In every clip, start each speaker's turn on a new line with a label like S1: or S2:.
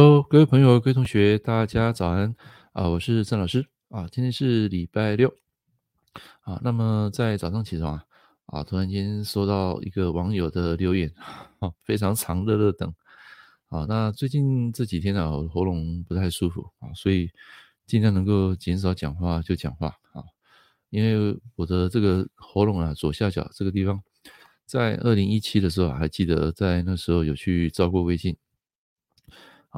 S1: Hello，各位朋友、各位同學，大家早安啊！我是鄭老師啊，今天是禮拜六啊。那麼在早上起床啊，啊，突然間收到一個網友的留言，啊，非常長，的的等啊。那最近這幾天呢、啊，喉嚨不太舒服啊，所以盡量能夠減少講話就講話啊，因為我的這個喉嚨啊，左下角這個地方，在二零一七的時候還記得，在那時候有去照過胃鏡。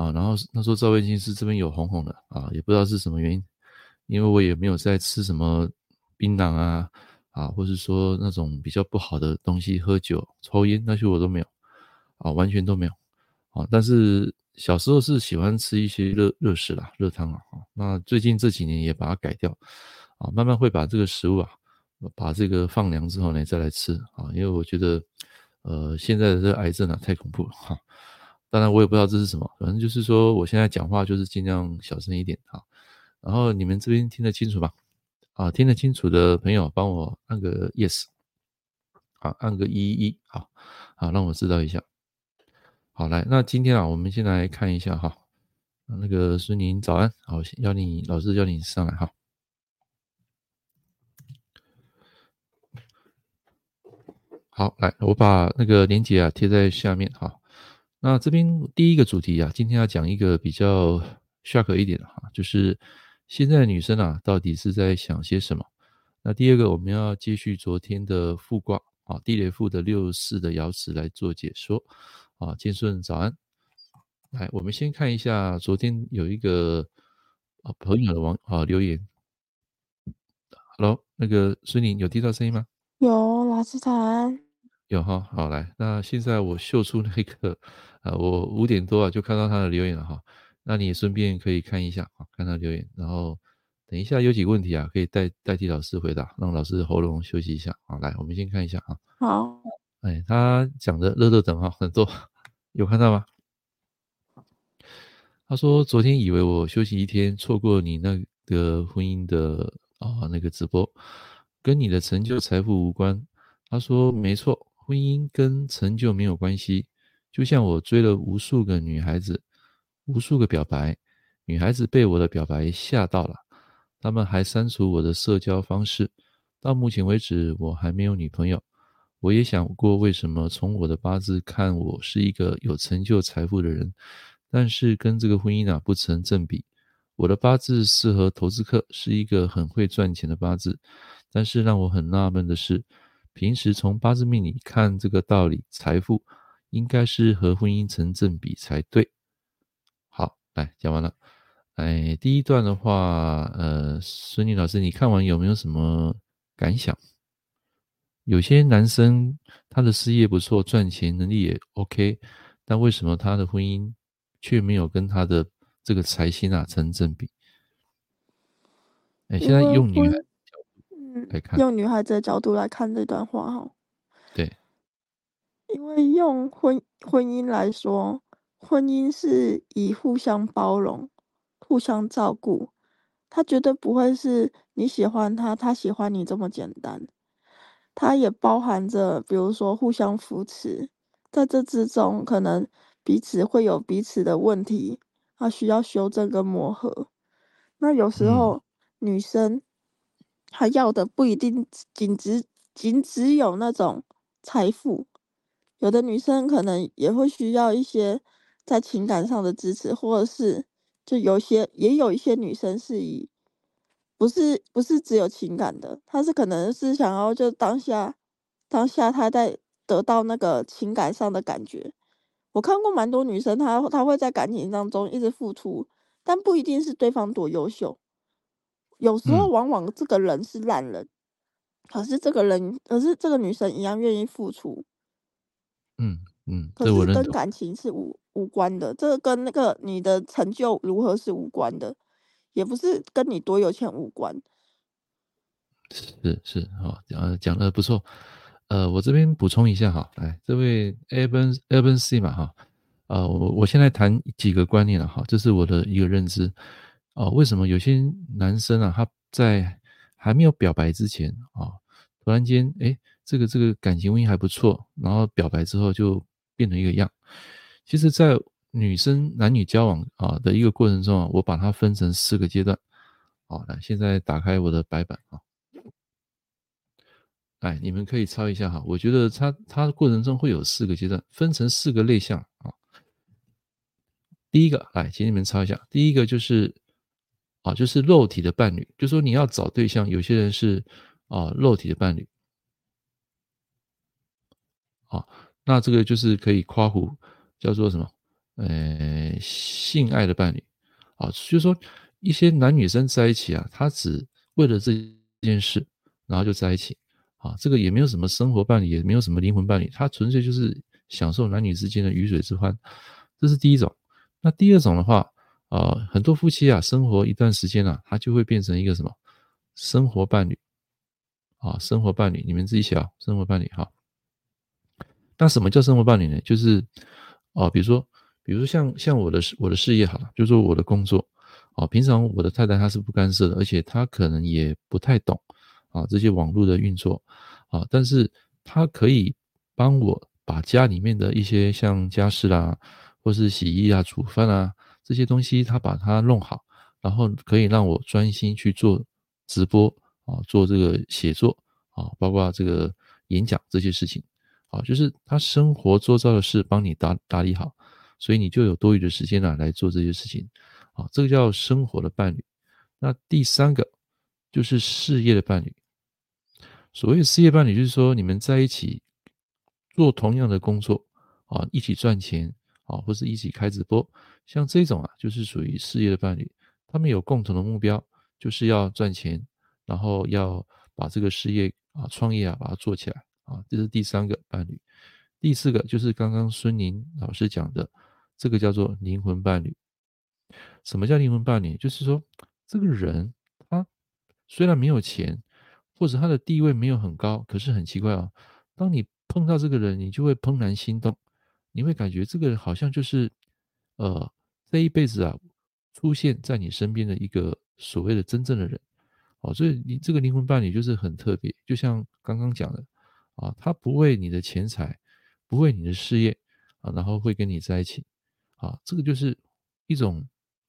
S1: 啊，然後他說照胃鏡，是這邊有紅紅的啊，也不知道是什麼原因，因為我也沒有在吃什麼檳榔啊，啊，或者是說那種比較不好的東西，喝酒、抽煙那些我都沒有，啊，完全都沒有，啊，但是小時候是喜歡吃一些熱熱食啦、啊、熱湯啊，啊，那最近這幾年也把它改掉，啊，慢慢會把這個食物啊，把這個放涼之後呢再來吃，啊，因為我覺得，呃，現在的這個癌症啊太恐怖了哈、啊。當然，我也不知道這是什麼，反正就是說，我現在講話就是儘量小聲一點啊。然後你們這邊聽得清楚嗎？啊，聽得清楚的朋友，幫我按個 yes，啊，按個一一一，好，好，讓我知道一下。好，來，那今天啊，我們先來看一下哈，那個孫寧，早安，好，先邀你老師邀你上來哈。好，來，我把那個鏈接啊貼在下面哈。好那這邊第一個主題啊，今天要講一個比較 shock 一點的哈，啊，就是現在的女生啊到底是在想些什麼？那第二個我們要繼續昨天的復卦啊，地雷復的六四的爻辭來做解說啊。建順早安，來我們先看一下昨天有一個啊朋友的網友啊留言，Hello，那個孫寧有聽到聲音嗎？
S2: 有，老師早安。
S1: 有哈，好來，那現在我秀出那個，啊、呃，我五點多啊就看到他的留言了哈，那你順便可以看一下啊，看他留言，然後等一下有幾個問題啊，可以代代替老師回答，讓老師喉嚨休息一下。好，來，我們先看一下啊。好，哎，他講得熱熱等哈很多， 有看到嗎？他說昨天以為我休息一天，錯過你那個婚姻的啊、哦、那個直播，跟你的成就財富無關。他說、嗯、沒錯。婚姻跟成就沒有關係，就像我追了無數個女孩子，無數個表白，女孩子被我的表白嚇到了，她們還刪除我的社交方式。到目前為止，我還沒有女朋友。我也想過，為什麼從我的八字看，我是一個有成就、財富的人，但是跟這個婚姻啊不成正比。我的八字適合投資客，是一個很會賺錢的八字，但是讓我很納悶的是。平時從八字命理看這個道理，財富應該是和婚姻成正比才對。好，來講完了。哎，第一段的話，呃，孫女老師，你看完有沒有什麼感想？有些男生他的事業不錯，賺錢能力也 OK，但為什麼他的婚姻卻沒有跟他的這個財星啊成正比？
S2: 哎，現在用女孩。用女孩子的角度來看這段話哈，對，因為用婚婚姻來說，婚姻是以互相包容、互相照顧，它絕對不會是你喜歡他，他喜歡你這麼簡單，它也包含着，比如說互相扶持，在這之中可能彼此會有彼此的問題，啊，需要修正跟磨合。那有時候，嗯，女生。他要的不一定僅只僅只有那種財富，有的女生可能也會需要一些在情感上的支持，或者是就有些也有一些女生是以不是不是只有情感的，她是可能是想要就當下當下她在得到那個情感上的感覺。我看過蠻多女生，她她會在感情當中一直付出，但不一定是對方多優秀。有時候，往往這個人是爛人，嗯、可是這個人，可是這個女生一樣願意付出。嗯嗯，這、嗯、個跟感情是無無關的，這個跟那個你的成就如何是無關的，嗯嗯、也不是跟你多有錢無關。
S1: 是是，好、哦，講講的不錯，呃，我這邊補充一下哈，來，這位 a b e a b e C 嘛哈，呃、哦，我、哦、我現在談幾個觀念了哈、哦，這是我的一個認知。哦，為什麼有些男生啊，他在還沒有表白之前啊、哦，突然間，哎、欸，這個這個感情關係還不錯，然後表白之後就變成一個樣。其實，在女生男女交往啊、哦、的一個過程中啊，我把它分成四個階段。好，來，現在打開我的白板啊，哎、哦，你們可以抄一下哈。我覺得他他的過程中會有四個階段，分成四個類項啊、哦。第一個，來，請你們抄一下。第一個就是。啊，就是肉體的伴侶，就是說你要找對象，有些人是，啊，肉體的伴侶，啊，那這個就是可以誇呼，叫做什麼？呃、哎，性愛的伴侶，啊，就是說一些男女生在一起啊，他只為了這件事，然後就在一起，啊，這個也沒有什麼生活伴侶，也沒有什麼靈魂伴侶，他純粹就是享受男女之間的魚水之歡，這是第一種。那第二種的話，啊、呃，很多夫妻啊，生活一段時間了，啊，他就會變成一個什麼生活伴侶啊，生活伴侶，你們自己寫啊，生活伴侶哈，啊。那什麼叫生活伴侶呢？就是啊，比如說，比如說像像我的我的事業好了，就是說我的工作啊，平常我的太太她是不干涉的，而且她可能也不太懂啊這些網絡的運作啊，但是她可以幫我把家裡面的一些像家事啦，啊，或是洗衣啊，煮飯啊。這些東西他把它弄好，然後可以讓我專心去做直播啊，做這個寫作啊，包括這個演講這些事情啊，就是他生活做到的事幫你打打理好，所以你就有多餘的時間呢、啊、來做這些事情啊，這個叫生活的伴侶。那第三個就是事業的伴侶。所謂事業伴侶，就是說你們在一起做同樣的工作啊，一起賺錢啊，或是一起開直播。像這種啊，就是屬於事業的伴侶，他們有共同的目標，就是要賺錢，然後要把這個事業啊，創業啊，把它做起來啊，這是第三個伴侶。第四個就是剛剛孫寧老師講的，這個叫做靈魂伴侶。什麼叫靈魂伴侶？就是說這個人他、啊、雖然沒有錢，或者他的地位沒有很高，可是很奇怪啊、哦，當你碰到這個人，你就會怦然心動，你會感覺這個人好像就是呃。這一輩子啊，出現在你身邊的一個所謂的真正的人，哦，所以你這個靈魂伴侶就是很特別，就像剛剛講的啊，他不為你的錢財，不為你的事業啊，然後會跟你在一起，啊，這個就是一種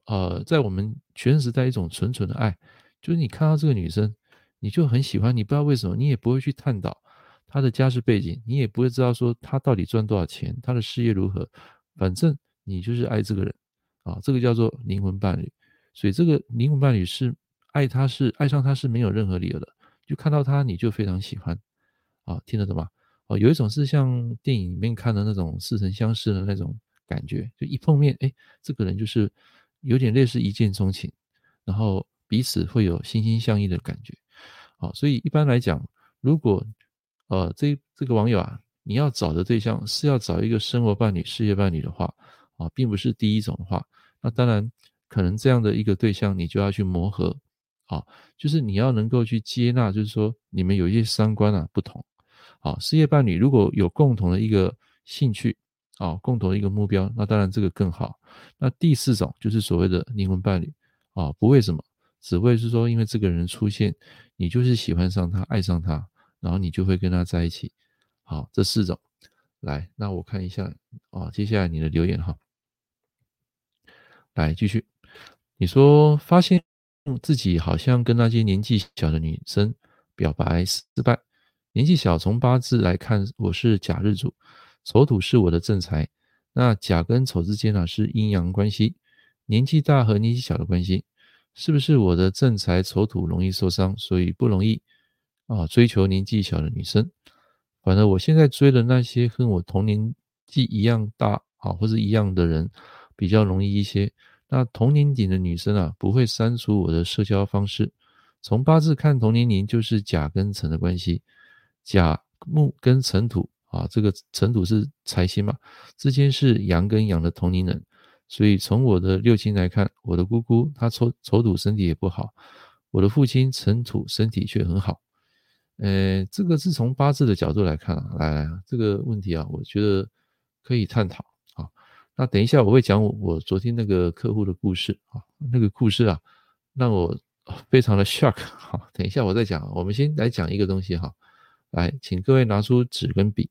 S1: 呃，在我們全時代一種純純的愛，就是你看到這個女生，你就很喜歡，你不知道為什麼，你也不會去探討她的家世背景，你也不會知道說她到底賺多少錢，她的事業如何，反正你就是愛這個人。啊，這個叫做靈魂伴侶，所以這個靈魂伴侶是愛他是愛上他是沒有任何理由的，就看到他你就非常喜歡，啊，聽得懂嗎？有一種是像電影裡面看的那種似曾相識的那種感覺，就一碰面，哎，這個人就是有點類似一見鍾情，然後彼此會有心心相印的感覺，啊，所以一般來講，如果呃這這個網友啊，你要找的對象是要找一個生活伴侶、事業伴侶的話。啊，並不是第一種的話，那當然可能這樣的一個對象，你就要去磨合，啊，就是你要能夠去接納，就是說你們有一些三觀啊不同，好，啊，事業伴侶如果有共同的一個興趣，啊，共同的一個目標，那當然這個更好。那第四種就是所謂的靈魂伴侶，啊，不為什麼，只為是說因為這個人出現，你就是喜歡上他，愛上他，然後你就會跟他在一起。好，啊，這四種，來，那我看一下，啊，接下來你的留言哈。啊來繼續，你說發現自己好像跟那些年紀小的女生表白失敗。年紀小，從八字來看，我是甲日主，丑土是我的正財。那甲跟丑之間呢是陰陽關係，年紀大和年紀小的關係，是不是我的正財丑土容易受傷，所以不容易啊追求年紀小的女生？反正我現在追的那些跟我同年紀一樣大啊，或者一樣的人。比較容易一些。那同年齡的女生啊，不會刪除我的社交方式。從八字看，同年齡就是甲跟辰的關係，甲木跟辰土啊，這個辰土是財星嘛，之間是陽跟陽的同齡人。所以從我的六親來看，我的姑姑她丑丑土身體也不好，我的父親辰土身體卻很好。呃、哎，這個是從八字的角度來看啊，來，來啊這個問題啊，我覺得可以探討。那等一下我會講我，我昨天那個客戶的故事啊，那個故事啊讓我非常的 shock 哈。等一下我再講，我們先來講一個東西哈。來，請各位拿出紙跟筆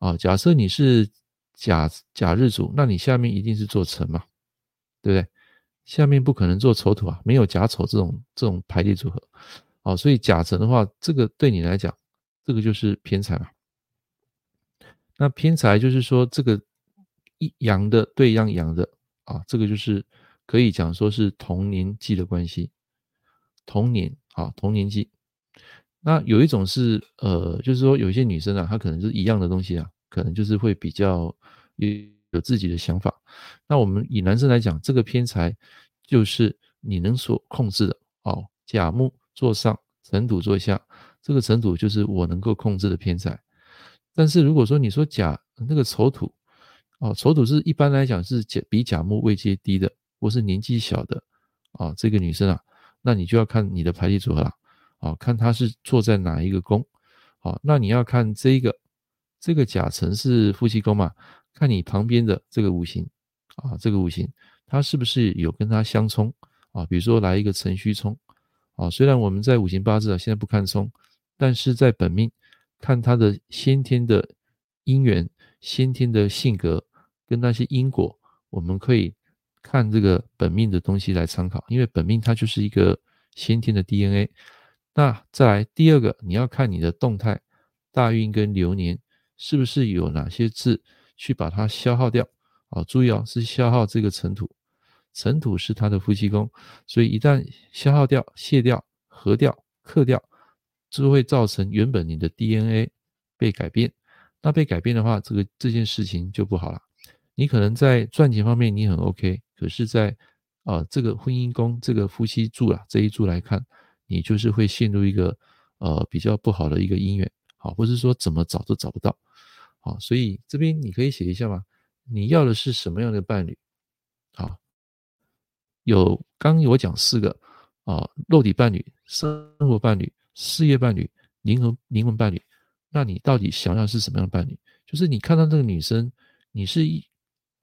S1: 啊。假設你是甲甲日主，那你下面一定是做辰嘛，對不對？下面不可能做丑土啊，沒有甲丑這種這種排列組合。哦、啊，所以甲辰的話，這個對你來講，這個就是偏財嘛。那偏財就是說這個。一陽的對一樣陽的啊，這個就是可以講說是同年紀的關係，同年啊同年紀。那有一種是呃，就是說有一些女生啊，她可能是一樣的東西啊，可能就是會比較有有自己的想法。那我們以男生來講，這個偏財就是你能所控制的哦，啊，甲木坐上辰土坐下，這個辰土就是我能夠控制的偏財。但是如果說你說甲那個丑土。哦，丑土是一般來講是甲比甲木位階低的，或是年紀小的啊，這個女生啊，那你就要看你的排列組合啦，啊，看她是坐在哪一個宮，啊，那你要看這個，這個甲辰是夫妻宮嘛，看你旁邊的這個五行啊，這個五行它是不是有跟它相沖啊？比如說來一個辰戌沖，啊，雖然我們在五行八字啊現在不看沖，但是在本命看她的先天的姻緣、先天的性格。跟那些因果，我們可以看這個本命的東西來參考，因為本命它就是一個先天的 DNA。那再來第二個，你要看你的動態大運跟流年，是不是有哪些字去把它消耗掉？哦，注意哦，是消耗這個辰土，辰土是他的夫妻宮，所以一旦消耗掉、卸掉、合掉、剋掉，就會造成原本你的 DNA 被改變。那被改變的話，這個這件事情就不好了。你可能在賺錢方面你很 OK，可是在、在、呃、啊這個婚姻宮這個夫妻柱了、啊、這一柱來看，你就是會陷入一個呃比較不好的一個姻緣。好，或是說怎麼找都找不到，好，所以這邊你可以寫一下嘛，你要的是什麼樣的伴侶？好，有剛剛我講四個啊，肉、呃、體伴侶、生活伴侶、事業伴侶、靈魂靈魂伴侶，那你到底想要是什麼樣的伴侶？就是你看到這個女生，你是一。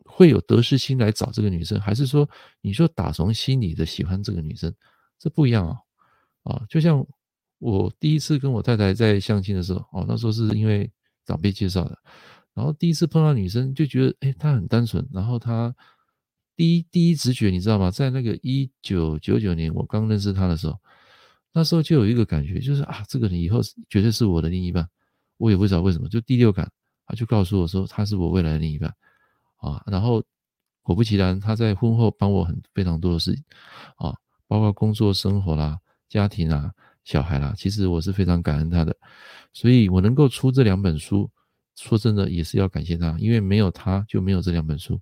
S1: 會有得失心來找這個女生，還是說你說打從心裡的喜歡這個女生，這不一樣哦。啊！就像我第一次跟我太太在相親的時候，哦、啊，那時候是因為長輩介紹的，然後第一次碰到女生就覺得，哎、欸，她很單純。然後她第一第一直覺，你知道嗎？在那個一九九九年我剛認識她的時候，那時候就有一個感覺，就是啊，這個人以後絕對是我的另一半。我也不知道為什麼，就第六感，她、啊、就告訴我說，她是我未來的另一半。啊，然後果不其然，他在婚後幫我很非常多的事情，啊，包括工作、生活啦、家庭啦、啊，小孩啦，其實我是非常感恩他的，所以我能夠出這兩本書，說真的也是要感謝他，因為沒有他就沒有這兩本書，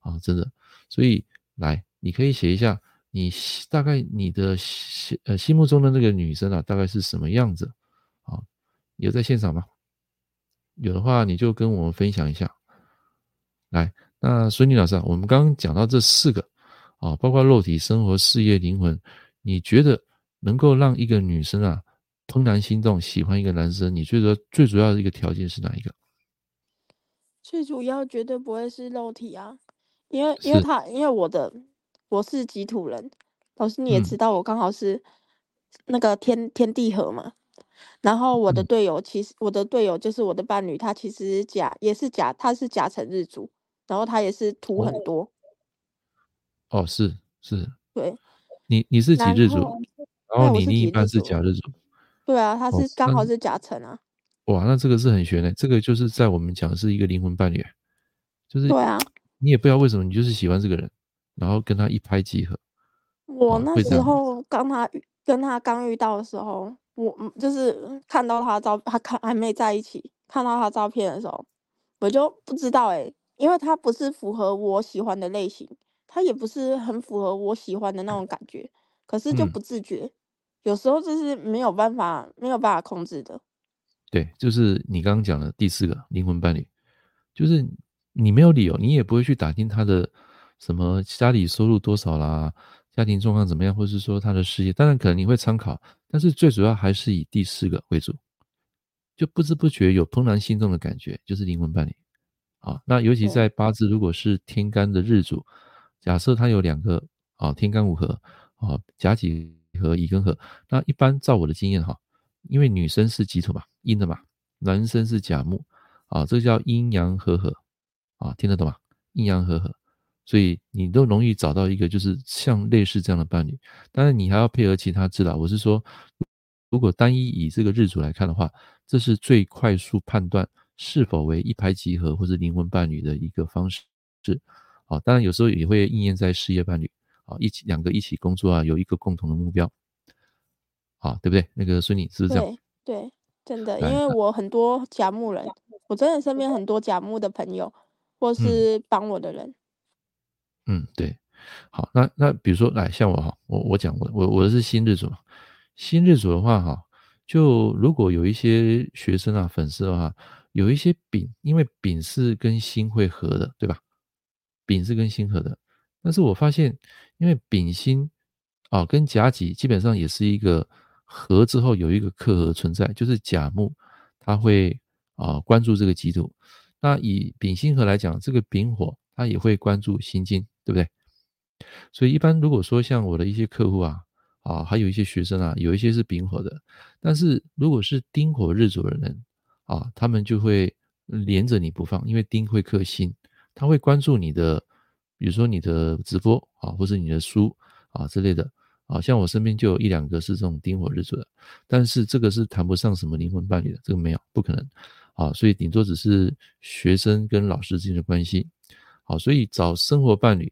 S1: 啊，真的，所以來，你可以寫一下你心，大概你的心呃心目中的那個女生啊，大概是什麼樣子？啊，有在現場嗎？有的話你就跟我們分享一下。來，那孫女老師、啊，我們剛剛講到這四個，啊、哦，包括肉體、生活、事業、靈魂，你覺得能夠讓一個女生啊怦然心動、喜歡一個男生，你覺得最主要的一個條件是哪一個？
S2: 最主要絕對不會是肉體啊，因為是因為他，因為我的我是己土人，老師你也知道，我剛好是那個天、嗯、天地合嘛。然後我的隊友，其實、嗯、我的隊友就是我的伴侶，他其實甲也是甲，他是甲辰日主。然後他也是土很多，
S1: 嗯、哦，是是，對，你你是己日主，然後，然後你另一半是甲日主，對啊，他是剛好是甲辰啊、哦，哇，那這個是很玄的、欸，這個就是在我們講的是一個靈魂伴侶，就是對啊，你也不知道為什麼你就是喜歡這個人，然後跟他一拍即合，
S2: 我那時候剛他跟他剛遇到的時候，我就是看到他照他看還沒在一起，看到他照片的時候，我就不知道哎、欸因為他不是符合我喜歡的類型，他也不是很符合我喜歡的那種感覺，嗯，可是就不自覺，有時候就是沒有辦法，沒有辦法控制的。
S1: 對，就是你剛剛講的第四個靈魂伴侶，就是你沒有理由，你也不會去打聽他的什麼家裡收入多少啦，家庭狀況怎麼樣，或是說他的事業，當然可能你會參考，但是最主要還是以第四個為主，就不知不覺有怦然心動的感覺，就是靈魂伴侶。啊，那尤其在八字，如果是天干的日主，嗯、假設他有兩個啊，天干五合啊，甲己合，乙庚合，那一般照我的經驗哈、啊，因為女生是己土嘛，陰的嘛，男生是甲木啊，這叫陰陽合合啊，聽得懂嗎？陰陽合合，所以你都容易找到一個就是像類似這樣的伴侶。當然你還要配合其他字啦，我是說，如果單一以這個日主來看的話，這是最快速判斷。是否為一拍即合或者靈魂伴侶的一個方式，啊？好，當然有時候也會應驗在事業伴侶好，啊，一起兩個一起工作啊，有一個共同的目標好，啊，對不對？那個孫女是不是這樣？對
S2: 對，真的，來因為我很多甲木人，那我真的身邊很多甲木的朋友或是幫我的人
S1: 嗯。嗯，對，好，那那比如說來像我哈，我我講我我我是辛日主，辛日主的話哈，啊，就如果有一些學生啊粉絲的話。有一些丙，因為丙是跟辛會合的，對吧？丙是跟辛合的，但是我發現，因為丙辛啊跟甲己基本上也是一個合之後有一個克合存在，就是甲木它會啊關注這個己土。那以丙辛合來講，這個丙火它也會關注辛金，對不對？所以一般如果說像我的一些客戶啊，啊還有一些學生啊，有一些是丙火的，但是如果是丁火日主的人，啊，他們就會連着你不放，因為丁會剋辛，他會關注你的，比如說你的直播啊，或者你的書啊之類的。啊，像我身邊就有一兩個是這種丁火日主的，但是這個是談不上什麼靈魂伴侶的，這個沒有不可能。啊，所以頂多只是學生跟老師之間的關係。好、啊，所以找生活伴侶，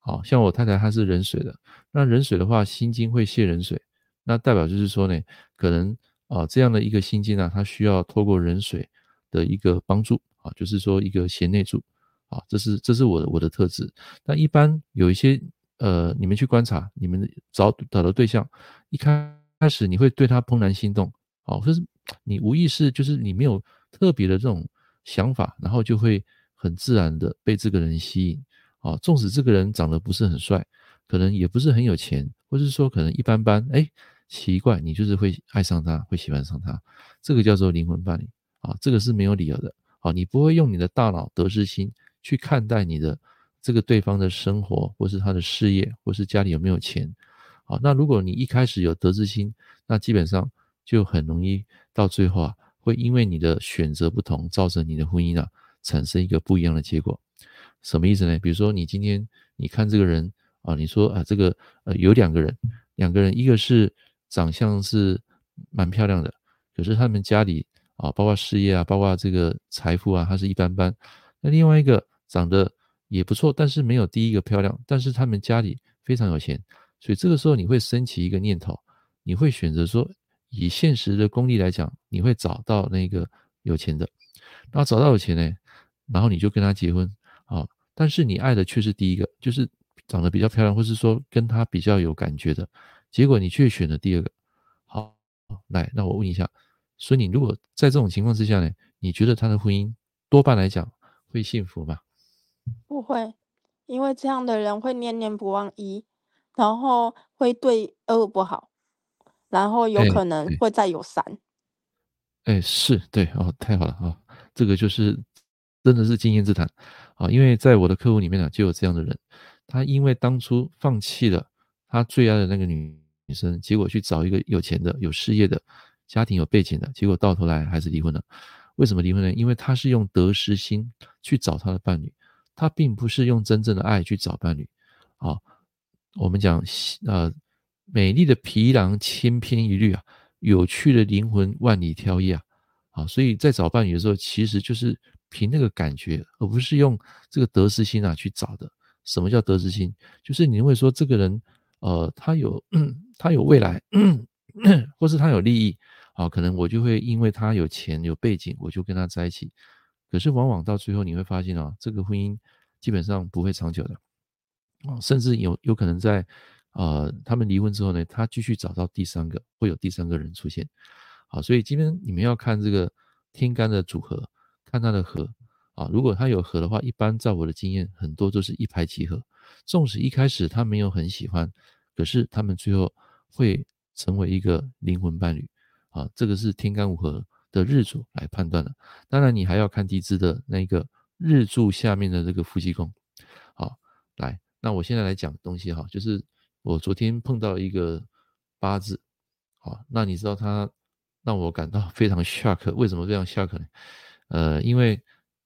S1: 啊，像我太太她是壬水的，那壬水的話，辛金會洩壬水，那代表就是說呢，可能。啊，這樣的一個心境呢、啊，他需要透過壬水的一個幫助啊，就是說一個賢內助啊，這是這是我的我的特質。但一般有一些呃，你們去觀察，你們找找的對象，一開開始你會對他怦然心動，哦、啊，可是你無意識，就是你沒有特別的這種想法，然後就會很自然的被這個人吸引啊，縱使這個人長得不是很帥，可能也不是很有錢，或是說可能一般般，哎、欸。奇怪，你就是會愛上他，會喜歡上他，這個叫做靈魂伴侶啊，這個是沒有理由的啊，你不會用你的大腦、得失心去看待你的這個對方的生活，或是他的事業，或是家裡有沒有錢好、啊，那如果你一開始有得失心，那基本上就很容易到最後啊，會因為你的選擇不同，造成你的婚姻啊產生一個不一樣的結果。什麼意思呢？比如說你今天你看這個人啊，你說啊這個呃有兩個人，兩個人一個是。長相是蠻漂亮的，可是他們家裡啊、哦，包括事業啊，包括這個財富啊，它是一般般。那另外一個長得也不錯，但是沒有第一個漂亮，但是他們家裡非常有錢。所以這個時候你會升起一個念頭，你會選擇說，以現實的功利來講，你會找到那個有錢的。然後找到有錢呢，然後你就跟他結婚啊、哦。但是你愛的卻是第一個，就是長得比較漂亮，或是說跟他比較有感覺的。結果你卻選了第二個，好，來，那我問一下，所以你如果在這種情況之下呢，你覺得他的婚姻多半來講會幸福嗎？
S2: 不會，因為這樣的人會念念不忘一，然後會對二不好，然後有可能會再有三。
S1: 哎、欸欸，是對哦，太好了啊、哦，這個就是真的是經驗之談啊、哦，因為在我的客戶裡面呢就有這樣的人，他因為當初放棄了他最愛的那個女。女生結果去找一個有錢的、有事業的、家庭有背景的，結果到頭來還是離婚了。為什麼離婚呢？因為他是用得失心去找他的伴侶，他並不是用真正的愛去找伴侶。啊，我們講呃，美麗的皮囊千篇一律啊，有趣的靈魂萬里挑一啊。好，啊，所以在找伴侶的時候，其實就是憑那個感覺，而不是用這個得失心啊去找的。什麼叫得失心？就是你會說這個人。呃，他有， 他有未來， 或是他有利益，好，可能我就會因為他有錢有背景，我就跟他在一起。可是往往到最後你會發現啊，這個婚姻基本上不會長久的，啊，甚至有有可能在，呃，他們離婚之後呢，他繼續找到第三個，會有第三個人出現。好，所以今天你們要看這個天干的組合，看他的合，啊，如果他有合的話，一般照我的經驗，很多都是一拍即合。縱使一開始他沒有很喜歡，可是他們最後會成為一個靈魂伴侶，啊，這個是天干五合的日主來判斷的。當然你還要看地支的那個日柱下面的這個夫妻宮，好、啊，來，那我現在來講的東西哈，就是我昨天碰到一個八字，啊，那你知道他讓我感到非常 shock，為什麼非常 shock 呢？呃，因為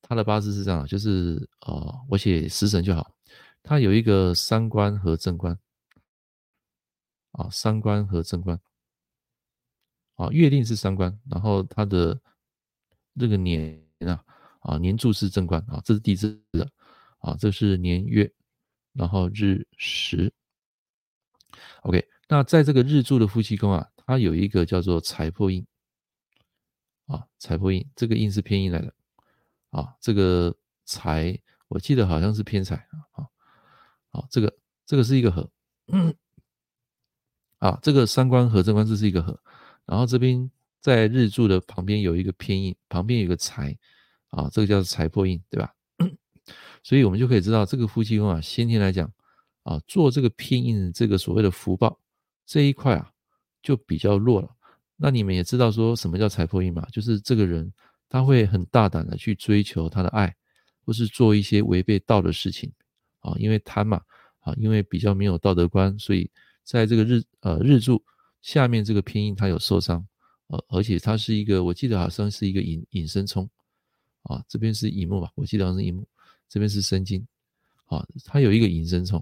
S1: 他的八字是這樣，就是啊、呃，我寫食神就好。它有一個傷官和正官。啊，傷官和正官。啊，月令是傷官，然後它的那個年啊，啊，年柱是正官，啊，這是地支的，啊，這是年月，然後日時，OK，那在這個日柱的夫妻宮啊，它有一個叫做財破印，啊，財破印，這個印是偏印來的，啊，這個財，我記得好像是偏財，啊。這個這個是一個合。啊，這個傷官合正官，這是一個合，然後這邊在日柱的旁邊有一個偏印，旁邊有一個財，啊，這個叫做財破印，對吧？所以我們就可以知道，這個夫妻宮啊，先天來講，啊，做這個偏印，這個所謂的福報這一塊啊，就比較弱了。那你們也知道說什麼叫財破印嘛？就是這個人他會很大膽的去追求他的愛，或是做一些違背道的事情。啊，因為貪嘛，啊，因為比較沒有道德觀，所以在這個日呃日柱下面這個偏印，他有受傷，呃，而且它是一個，我記得好像是一個寅寅申沖，啊，這邊是寅木吧，我記得好像是寅木，這邊是申金，啊，他有一個寅申沖，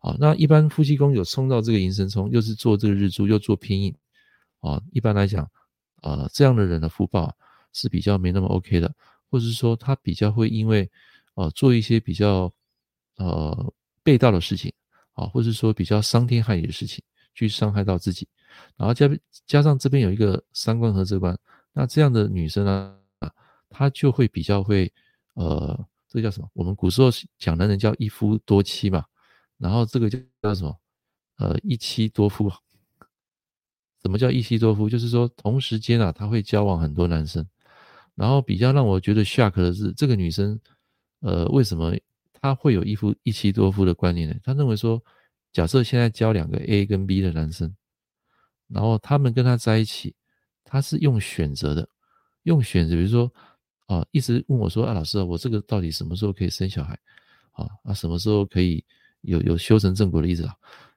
S1: 啊，那一般夫妻宮有沖到這個寅申沖，又是坐這個日柱，又坐偏印，啊，一般來講，啊、呃，這樣的人的福報、啊、是比較沒那麼 OK 的，或者是說他比較會因為，啊，做一些比較。呃，被盜的事情，啊，或是說比較傷天害理的事情，去傷害到自己，然後加加上這邊有一個三觀和這觀，那這樣的女生呢啊，她就會比較會，呃，這叫什麼？我們古時候講男人叫一夫多妻嘛，然後這個叫叫什麼？呃，一妻多夫。什麼叫一妻多夫？就是說同時間啊，她會交往很多男生，然後比較讓我覺得 shock 的是，這個女生，呃，為什麼？他會有一夫一妻多夫的觀念呢？他認為說，假設現在交兩個 A 跟 B 的男生，然後他們跟他在一起，他是用選擇的，用選擇，比如說，啊，一直問我說，啊，老師，我這個到底什麼時候可以生小孩？啊，啊，什麼時候可以有有修成正果的意思啊？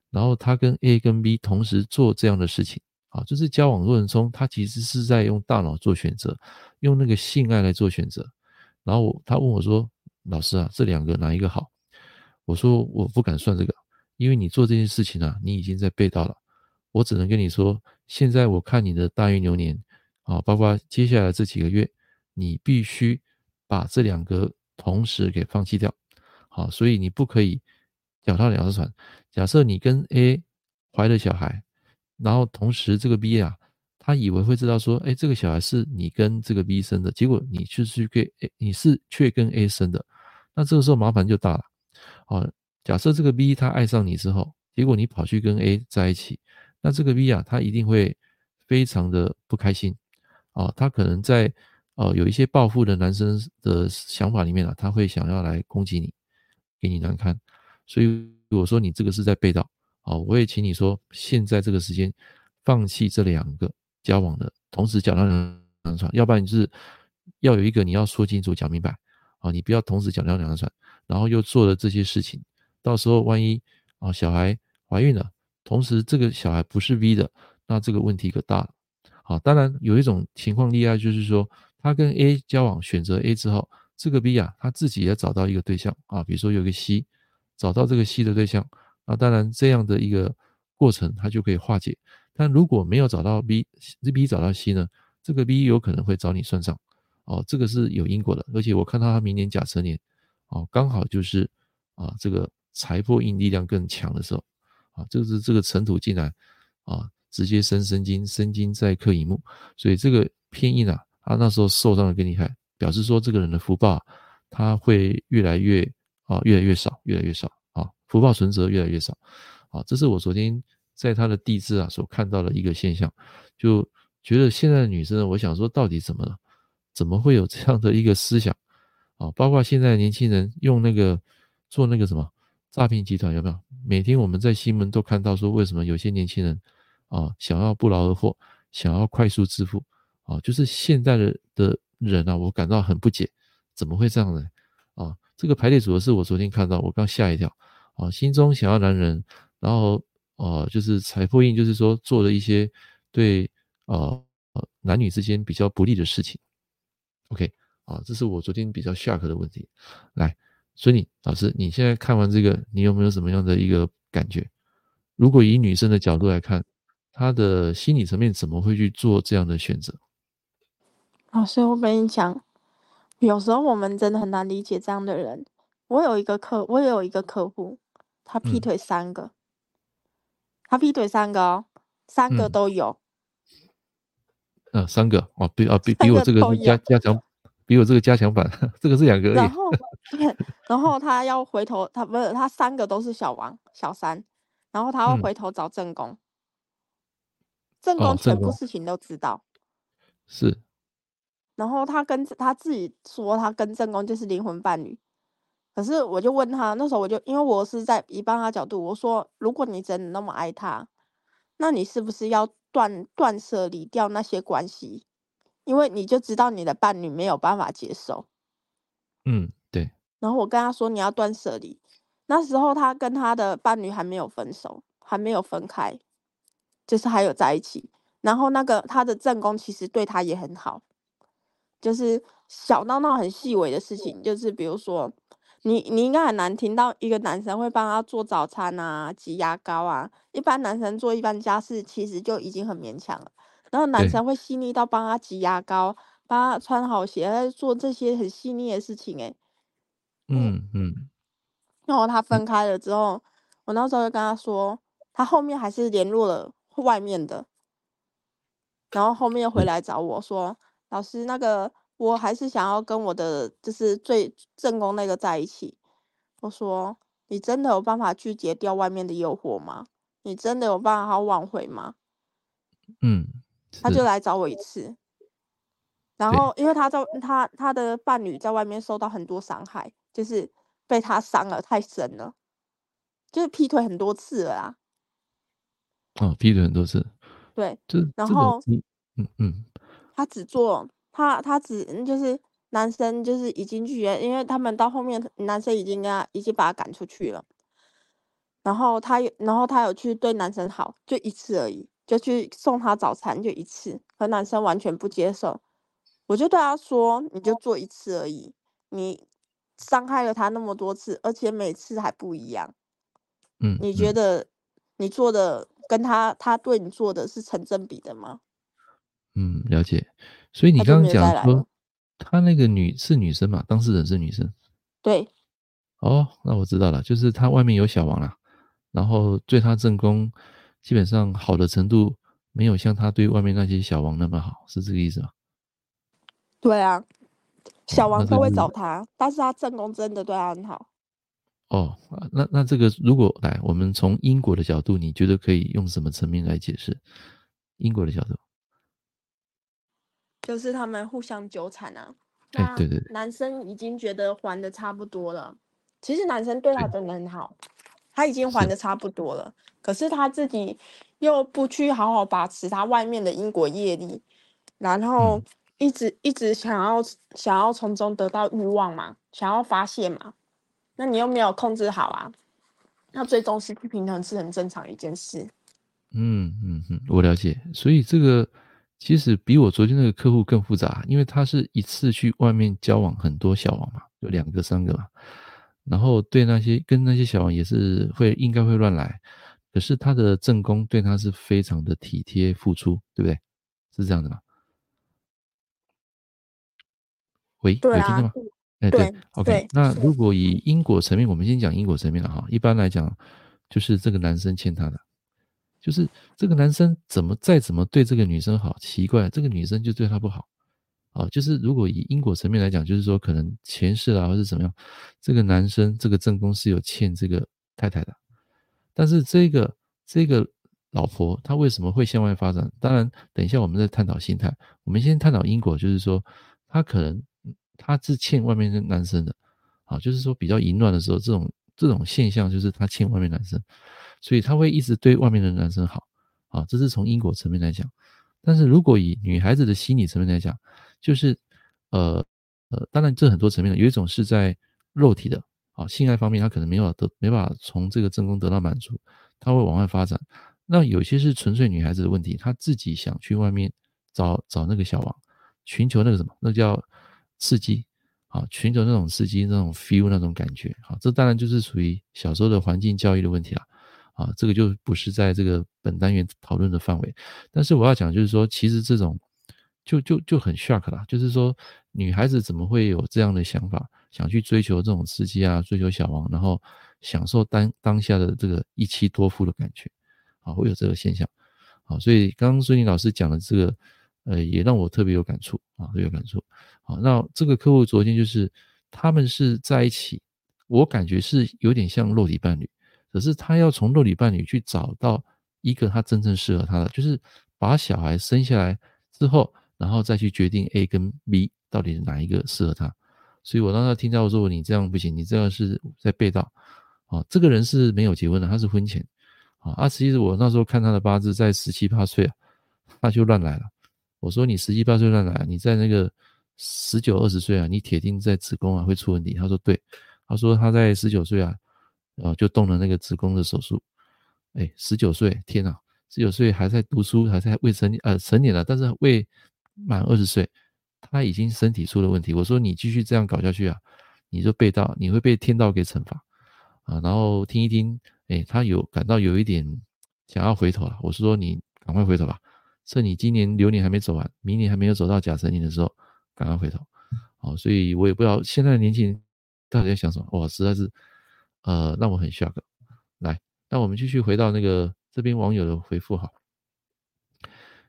S1: 然後他跟 A 跟 B 同時做這樣的事情，啊，就是交往過程中，他其實是在用大腦做選擇，用那個性愛來做選擇，然後他問我說。老師啊，這兩個哪一個好？我說我不敢算這個，因為你做這件事情啊，你已經在背道了。我只能跟你說，現在我看你的大運流年啊，包括接下來這幾個月，你必須把這兩個同時給放棄掉。好，所以你不可以腳踏兩隻船。假設你跟 A 懷了小孩，然後同時這個 B 啊，他以為會知道說，哎，這個小孩是你跟這個 B 生的，結果你卻去跟 A，哎，你是卻跟 A 生的。那這個時候麻煩就大了，啊，假設這個 B 他愛上你之後，結果你跑去跟 A 在一起，那這個 B 啊，他一定會非常的不開心，啊，他可能在呃、啊、有一些報復的男生的想法裡面啊，他會想要來攻擊你，給你難堪。所以我說你這個是在背道，啊，我也請你說現在這個時間，放棄這兩個交往的，同時腳踏兩條船，要不然你是要有一個你要說清楚講明白。啊，你不要同時講兩兩個然後又做了這些事情，到時候萬一啊小孩懷孕了，同時這個小孩不是 B 的，那這個問題可大了。好，當然有一種情況例外，就是說他跟 A 交往，選擇 A 之後，這個 B 啊他自己也找到一個對象啊，比如說有個 C，找到這個 C 的對象啊，當然這樣的一個過程他就可以化解。但如果沒有找到 B，這 B 找到 C 呢，這個 B 有可能會找你算賬。哦，這個是有因果的，而且我看到他明年甲辰年，哦，剛好就是啊，這個財破印力量更強的時候，啊，就、這個、是這個辰土進來，啊，直接生申金，申金再克乙木，所以這個偏印啊，他那時候受傷的更厲害，表示說這個人的福報、啊、他會越來越啊越來越少，越來越少啊，福報存折越來越少，啊，這是我昨天在他的地支啊所看到的一個現象，就覺得現在的女生呢，我想說到底怎麼了？怎麼會有這樣的一個思想啊？包括現在年輕人用那個做那個什麼詐騙集團有沒有？每天我們在新聞都看到說，為什麼有些年輕人啊想要不勞而獲，想要快速致富啊？就是現在的的人啊，我感到很不解，怎麼會這樣呢？啊，這個排列組合是我昨天看到，我剛嚇一跳啊，心中想要男人，然後呃、啊，就是財富印，就是說做了一些對呃、啊、男女之間比較不利的事情。OK，啊，這是我昨天比較 shock 的問題。來，所以你，老師，你現在看完這個，你有沒有什麼樣的一個感覺？如果以女生的角度來看，她的心理層面怎麼會去做這樣的選擇？
S2: 啊，所以我跟你講，有時候我們真的很難理解這樣的人。我有一個客，我也有一個客戶，他劈腿三個，嗯、他劈腿三個，哦，三個都有。嗯
S1: 三個哦，比哦、啊，比比我這個是加加強，比我這個加強版，這個是兩個而已。然
S2: 後對， 然後他要回頭，他不是他三個都是小王小三，然後他會回頭找正宮，嗯、正宮全部事情都知道。
S1: 是、
S2: 哦。然後他跟他自己說，他跟正宮就是靈魂伴侶。可是我就問他，那時候我就因為我是在一般的角度，我說如果你真的那麼愛他。那你是不是要斷斷捨離掉那些關係？因為你就知道你的伴侶沒有辦法接受。
S1: 嗯，對。
S2: 然後我跟他說，你要斷捨離。那時候他跟他的伴侶還沒有分手，還沒有分開，就是還有在一起。然後那個他的正宮其實對他也很好，就是小鬧鬧很細微的事情，就是比如說。你你應該很難聽到一個男生會幫他做早餐啊，擠牙膏啊。一般男生做一般家事其實就已經很勉強了，然後男生會細膩到幫他擠牙膏，幫、欸、他穿好鞋，做這些很細膩的事情、欸，誒、嗯。嗯嗯。然後他分開了之後，嗯、我那時候就跟他說，他後面還是聯絡了外面的，然後後面回來找我說，嗯、老師那個。我還是想要跟我的，就是最正宮那個在一起。我說：“你真的有辦法拒絕掉外面的誘惑嗎？你真的有辦法好挽迴嗎？”嗯，他就來找我一次，然後因為他在對他他的伴侶在外面受到很多傷害，就是被他傷了太深了，就是劈腿很多次了
S1: 啊。哦，劈腿很多次，對，這然後嗯嗯嗯，
S2: 嗯他只做。他他只就是男生，就是已經拒絕，因為他們到後面男生已經跟他已經把他趕出去了，然後他有，然後他有去對男生好，就一次而已，就去送他早餐就一次，和男生完全不接受。我就對他說：“你就做一次而已，你傷害了他那麼多次，而且每次還不一樣，嗯，你覺得你做的跟他他對你做的是成正比的嗎？”嗯，
S1: 了解。所以你剛剛講說，她那個女是女生嘛？當事人是女生，對。哦，那我知道了，就是她外面有小王了，啊，然後對她正宮基本上好的程度沒有像她對外面那些小王那麼好，是這個意思嗎？
S2: 對啊，小王都會找她，哦，是但是她正宮真的對她
S1: 很好。哦，那那這個如果來，我們從因果的角度，你覺得可以用什麼層面來解釋？因果的角度。
S2: 就是他們互相糾纏啊，那男生已經覺得還的差不多了。欸、對對其實男生對他真的很好，對他已經還的差不多了，是。可是他自己又不去好好把持他外面的因果業力，然後一直、嗯、一直想要想要從中得到慾望嘛，想要發洩嘛，那你又沒有控制好啊，那最終失去平衡是很正常一件事。
S1: 嗯嗯嗯，我了解，所以這個。其實比我昨天那個客戶更複雜，因為他是一次去外面交往很多小王嘛，有兩個三個嘛，然後對那些跟那些小王也是會應該會亂來，可是他的正宮對他是非常的體貼付出，對不對？是這樣的嗎？喂，啊、有聽到嗎？哎對，欸、對，OK。那如果以因果層面，是我們先講因果層面的哈。一般來講，就是這個男生欠他的。就是這個男生怎麼再怎麼對這個女生好奇怪，這個女生就對他不好啊。就是如果以因果層面來講，就是說可能前世啊，或是怎麼樣，這個男生這個正宮是有欠這個太太的。但是這個這個老婆她為什麼會向外發展？當然，等一下我們再探討心態，我們先探討因果，就是說他可能他是欠外面的男生的啊，就是說比較淫亂的時候，這種這種現象就是他欠外面男生。所以他會一直對外面的男生好，啊，這是從因果層面來講。但是如果以女孩子的心理層面來講，就是，呃，呃，當然這很多層面的，有一種是在肉體的，啊，性愛方面，他可能沒有得，沒法從這個正宮得到滿足，他會往外發展。那有些是純粹女孩子的問題，她自己想去外面找找那個小王，尋求那個什麼，那叫刺激，啊，尋求那種刺激，那種 feel，那種感覺，啊，這當然就是屬於小時候的環境教育的問題了、啊。啊，這個就不是在這個本單元討論的範圍。但是我要講，就是說，其實這種就就就很 shock 啦，就是說，女孩子怎麼會有這樣的想法，想去追求這種刺激啊，追求小王，然後享受當當下的這個一妻多夫的感覺啊，會有這個現象啊。所以剛剛孫寧老師講的這個，呃，也讓我特別有感觸啊，特別有感觸好，啊，那這個客戶昨天就是他們是在一起，我感覺是有點像肉體伴侶。可是他要從肉體伴侶去找到一個他真正適合他的，就是把小孩生下來之後，然後再去決定 A 跟 B 到底哪一個適合他。所以我當時聽到我說你這樣不行，你這樣是在背道。啊，這個人是沒有結婚的，他是婚前。啊，啊，其實我那時候看他的八字，在十七八歲啊，他就亂來了。我說你十七八歲亂來，你在那個十九二十歲啊，你鐵定在子宮啊會出問題。他說對，他說他在十九歲啊。然後、呃、就動了那個子宮的手術，哎，十九歲，天哪，十九歲還在讀書，還在未成年，呃，成年了，但是未滿二十歲，他已經身體出了問題。我說你繼續這樣搞下去啊，你就被盜，你會被天道給懲罰啊。然後聽一聽，哎，他有感到有一點想要回頭了。我是說你趕快回頭吧，趁你今年流年還沒走完，明年還沒有走到甲申年的時候，趕快回頭。哦，所以我也不知道現在的年輕人到底在想什麼，哇，實在是。呃，那我很需要個，來，那我們繼續回到那個這邊網友的回覆好。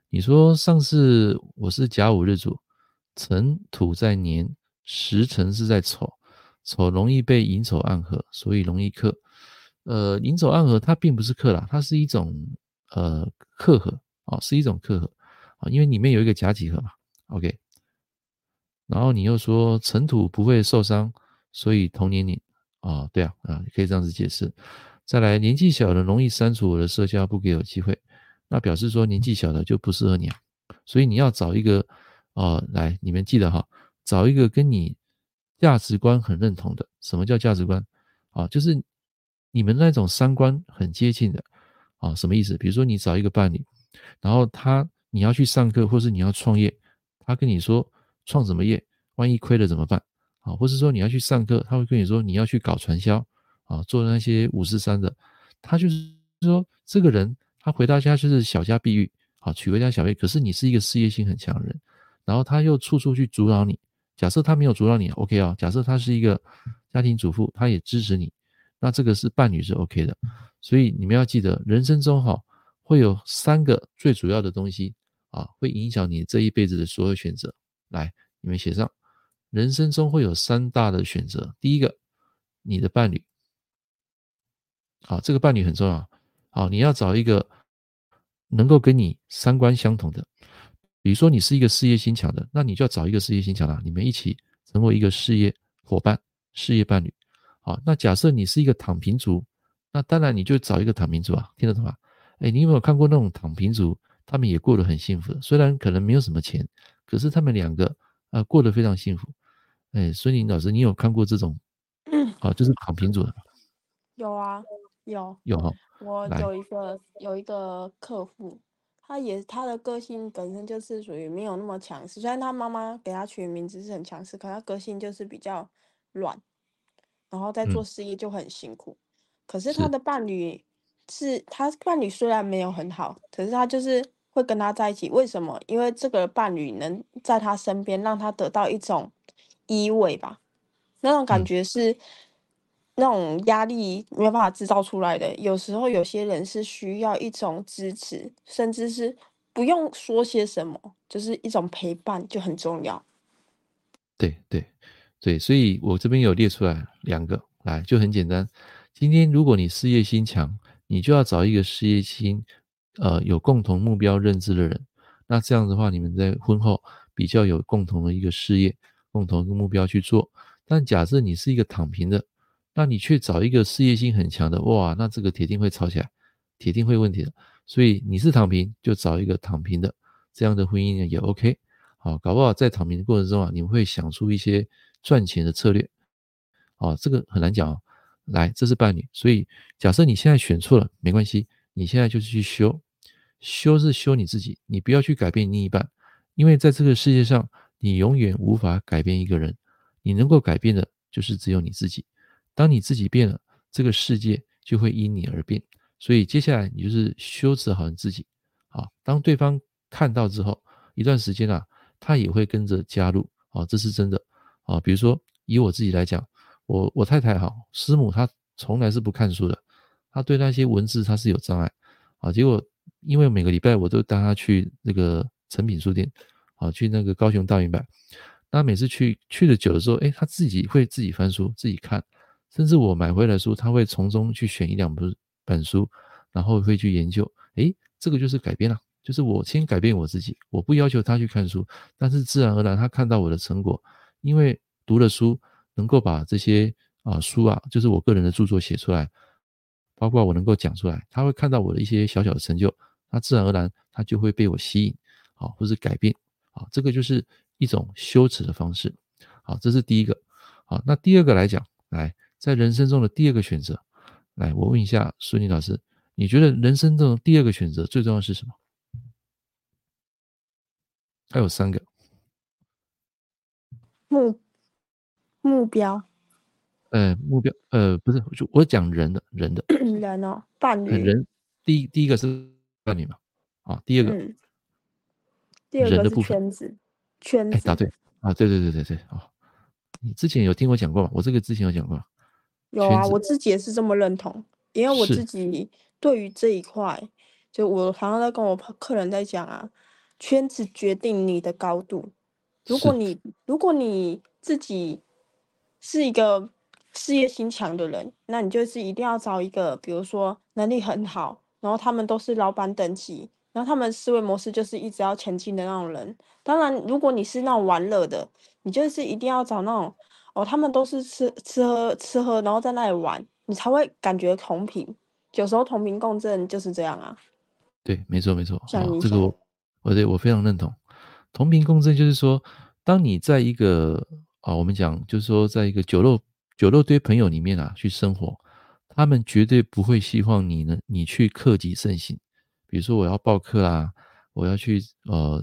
S1: 你說上次我是甲午日主，辰土在年，時辰是在丑，丑容易被寅丑暗合，所以容易剋。呃，寅丑暗合它並不是剋啦，它是一種呃剋合啊、哦，是一種剋合啊、哦，因為裡面有一個甲己合嘛。OK，然後你又說辰土不會受傷，所以同年年。啊、哦，對啊，啊，可以這樣子解釋。再來，年紀小的容易刪除我的社交，不給我機會，那表示說年紀小的就不適合你，啊，所以你要找一個，哦、呃，來，你們記得哈，找一個跟你價值觀很認同的。什麼叫價值觀？啊，就是你們那種三觀很接近的。啊，什麼意思？比如說你找一個伴侶，然後他你要去上課，或是你要創業，他跟你說，創什麼業？萬一虧了怎麼辦？啊，或是說你要去上課，他會跟你說你要去搞傳銷，啊，做那些五四三的，他就是說這個人他回到家就是小家碧玉，啊，娶回家小妹，可是你是一個事業心很強的人，然後他又處處去阻撓你。假設他沒有阻撓你，OK 哦。假設他是一個家庭主婦，他也支持你，那這個是伴侶是 OK 的。所以你們要記得，人生中哈會有三個最主要的東西啊，會影響你這一輩子的所有選擇。來，你們寫上。人生中會有三大的選擇，第一個，你的伴侶，好，這個伴侶很重要，好，你要找一個能夠跟你三觀相同的，比如說你是一個事業心強的，那你就要找一個事業心強的，你們一起成為一個事業夥伴、事業伴侶，好，那假設你是一個躺平族，那當然你就找一個躺平族啊，聽得懂嗎？哎，你有沒有看過那種躺平族，他們也過得很幸福的，雖然可能沒有什麼錢，可是他們兩個。啊、呃，過得非常幸福，哎，孫寧老師，你有看過這種，啊、嗯哦，就是躺平族的，
S2: 有啊，有有吼我有一個來有一個客戶，他也他的個性本身就是屬於沒有那麼強勢，雖然他媽媽給他取名字是很強勢，可是他個性就是比較軟，然後在做事業就很辛苦，嗯、可是他的伴侶是，是他伴侶雖然沒有很好，可是他就是。會跟他在一起，為什麼？因為這個伴侶能在他身邊，讓他得到一種依偎吧，那種感覺是那種壓力沒有辦法製造出來的。嗯、有時候有些人是需要一種支持，甚至是不用說些什麼，就是一種陪伴就很重要。
S1: 對對對，所以我這邊有列出來兩個來，就很簡單。今天如果你事業心強，你就要找一個事業心。呃，有共同目標認知的人，那這樣的話，你們在婚後比較有共同的一個事業，共同的目標去做。但假設你是一個躺平的，那你卻找一個事業心很強的，哇，那這個鐵定會吵起來，鐵定會問題的。所以你是躺平，就找一個躺平的，這樣的婚姻也 OK，啊。好，搞不好在躺平的過程中啊，你們會想出一些賺錢的策略。好，啊，這個很難講啊，來，這是伴侶。所以假設你現在選錯了，沒關係，你現在就是去修。修是修你自己，你不要去改變另一半，因為在這個世界上，你永遠無法改變一個人，你能夠改變的就是只有你自己。當你自己變了，這個世界就會因你而變。所以接下來你就是修持好你自己，啊，當對方看到之後，一段時間啊，他也會跟着加入，啊，這是真的，啊，比如說以我自己來講，我我太太哈，啊，師母她從來是不看書的，她對那些文字她是有障礙，啊，結果。因為每個禮拜我都帶他去那個誠品書店，啊，去那個高雄大遠百，那每次去去的久的時候，誒，他自己會自己翻書、自己看，甚至我買回來書，他會從中去選一兩本本書，然後會去研究。誒，這個就是改變了，就是我先改變我自己。我不要求他去看書，但是自然而然他看到我的成果，因為讀了書能夠把這些啊書啊，就是我個人的著作寫出來。包括我能夠講出來，他會看到我的一些小小的成就，那自然而然他就會被我吸引，啊，或是改變，啊，這個就是一種羞恥的方式，好、啊，這是第一個，好、啊，那第二個來講，來，在人生中的第二個選擇，來，我問一下孫女老師，你覺得人生中的第二個選擇最重要是什麼？還有三個目目標。呃，目標，呃，不是，就我講人的，人的，
S2: 人哦，伴侶，人，
S1: 第一，第一個是伴侶嘛，啊，第二個，嗯、
S2: 第二個是圈子，圈子、欸，答對，
S1: 啊，對對對對對，啊、哦，你之前有聽我講過嗎？我這個之前有講過，有啊，子我自己也是
S2: 這麼認同，因為我自己對於這一塊，是就我常常在跟我客人在講啊，圈子決定你的高度，如果你，是如果你自己是一個。事業心強的人，那你就是一定要找一個，比如說能力很好，然後他們都是老板等級，然後他們思維模式就是一直要前進的那種人。當然，如果你是那種玩樂的，你就是一定要找那種哦，他們都是吃吃喝吃喝，然後在那裡玩，你才會感覺同頻。有時候同頻共振就是這樣啊。
S1: 對，沒錯沒錯，這個我，我對我非常認同。同頻共振就是說，當你在一個啊、哦，我們講就是說，在一個酒肉。酒肉堆朋友裡面啊，去生活，他們絕對不會希望你呢，你去克己慎行。比如說，我要報課啦、啊，我要去呃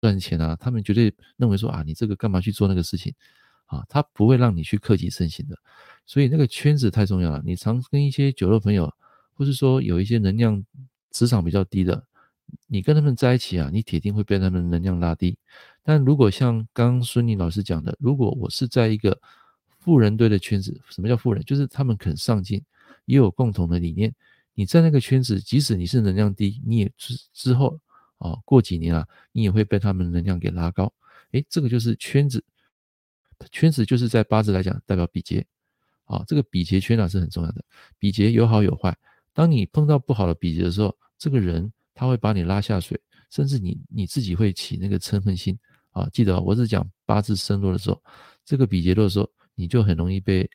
S1: 賺錢啊，他們絕對認為說啊，你這個幹嘛去做那個事情啊？他不會讓你去克己慎行的。所以那個圈子太重要了。你常跟一些酒肉朋友，或是說有一些能量磁場比較低的，你跟他們在一起啊，你鐵定會被他們能量拉低。但如果像剛剛孫儷老師講的，如果我是在一個。富人堆的圈子，什麼叫富人？就是他們肯上進，也有共同的理念。你在那個圈子，即使你是能量低，你也之之後啊、哦，過幾年啊，你也會被他們能量給拉高。哎，這個就是圈子，圈子就是在八字來講代表比劫，啊、哦，這個比劫圈啊是很重要的。比劫有好有壞，當你碰到不好的比劫的時候，這個人他會把你拉下水，甚至你你自己會起那個嗔恨心。啊、哦，記得、哦、我只講八字身弱的時候，這個比劫弱的時候。你就很容易被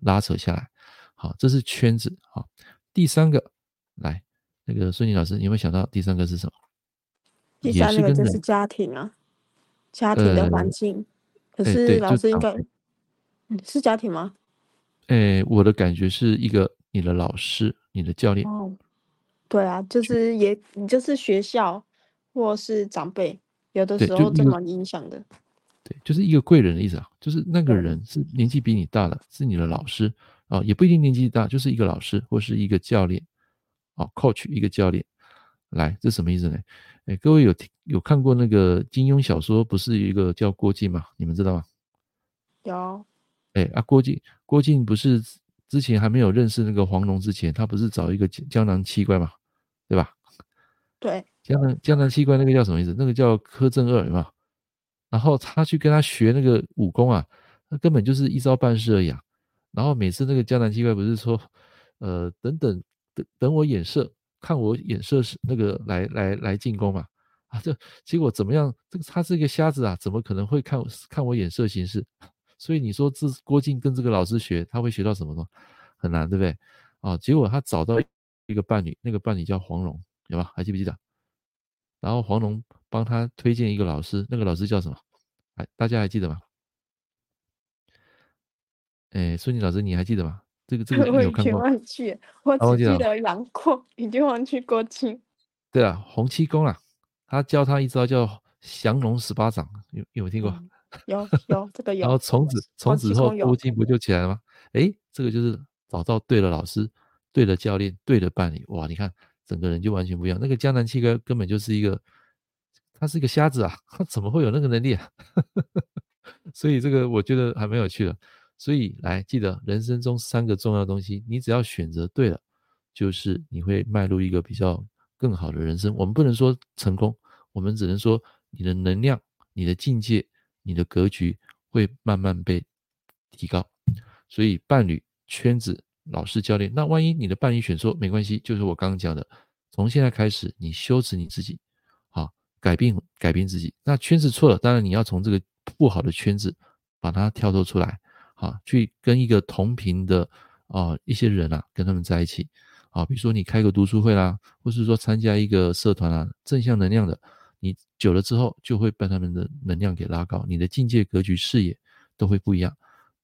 S1: 拉扯下來。好，這是圈子。好，第三個，來，那個孫妮老師，你有沒有想到第三個是什麼？第三個就是
S2: 家庭啊。呃、家庭的環境。可是老師應該。欸、是家庭嗎？
S1: 誒、欸，我的感覺是一個你的老師，你的教練。也
S2: 是跟人。啊，就是也、嗯、你就是學校或是長輩，有的時候也是影響的。
S1: 對，就是一個貴人的意思啊，就是那個人是年紀比你大的，對是你的老師啊，哦，也不一定年紀大，就是一個老師或是一個教練，啊、哦、，coach 一個教練，來，這是什麼意思呢？哎，各位有聽有看過那個金庸小說，不是一個叫郭靖嗎？你們知道嗎？
S2: 有。
S1: 哎啊，郭靖，郭靖不是之前還沒有認識那個黃蓉之前，他不是找一個江南七怪嗎？對吧？對。江南江南七怪那個叫什麼意思？那個叫柯鎮惡，有吧？然後他去跟他學那個武功啊，那根本就是一招半式而已啊。然後每次那個江南七怪不是說，呃，等等，等等我眼色，看我眼色是那個來來來進攻嘛啊？啊，這結果怎麼樣？他這個他是一個瞎子啊，怎麼可能會看看我眼色行事？所以你說這郭靖跟這個老師學，他會學到什麼呢？很難，對不對？啊，結果他找到一個伴侶，那個伴侶叫黃蓉，有吧？還記不記得？然後黃蓉。幫他推薦一個老師，那個老師叫什麼？大家還記得嗎？誒孫晉老師，你還記得嗎？這個這個有沒有看過？
S2: 我記，我只記得楊過，已經、啊、忘,忘記過
S1: 去對啊，洪七公啊，他教他一招叫降龍十八掌，嗯、有有沒聽過？嗯、有有
S2: 這個有。 然後從此從此後，郭靖
S1: 不就起來了嗎？誒這個就是找到對的老師、對的教練、對的伴侶哇！你看，整個人就完全不一樣。那個江南七哥根本就是一個。他是一個瞎子啊，他怎麼會有那個能力啊？ 所以這個我覺得還蠻有趣的。所以來記得人生中三個重要東西，你只要選擇對了，就是你會邁入一個比較更好的人生。我們不能說成功，我們只能說你的能量、你的境界、你的格局會慢慢被提高。所以伴侶、圈子、老師、教練，那萬一你的伴侶選錯，沒關係，就是我剛剛講的，從現在開始你修持你自己。改變改變自己，那圈子錯了，當然你要從這個不好的圈子把它跳脫出來，好、啊，去跟一個同頻的啊、呃、一些人啊，跟他們在一起，啊，比如說你開個讀書會啦，或是說參加一個社團啊，正向能量的，你久了之後就會被他們的能量給拉高，你的境界格局視野都會不一樣。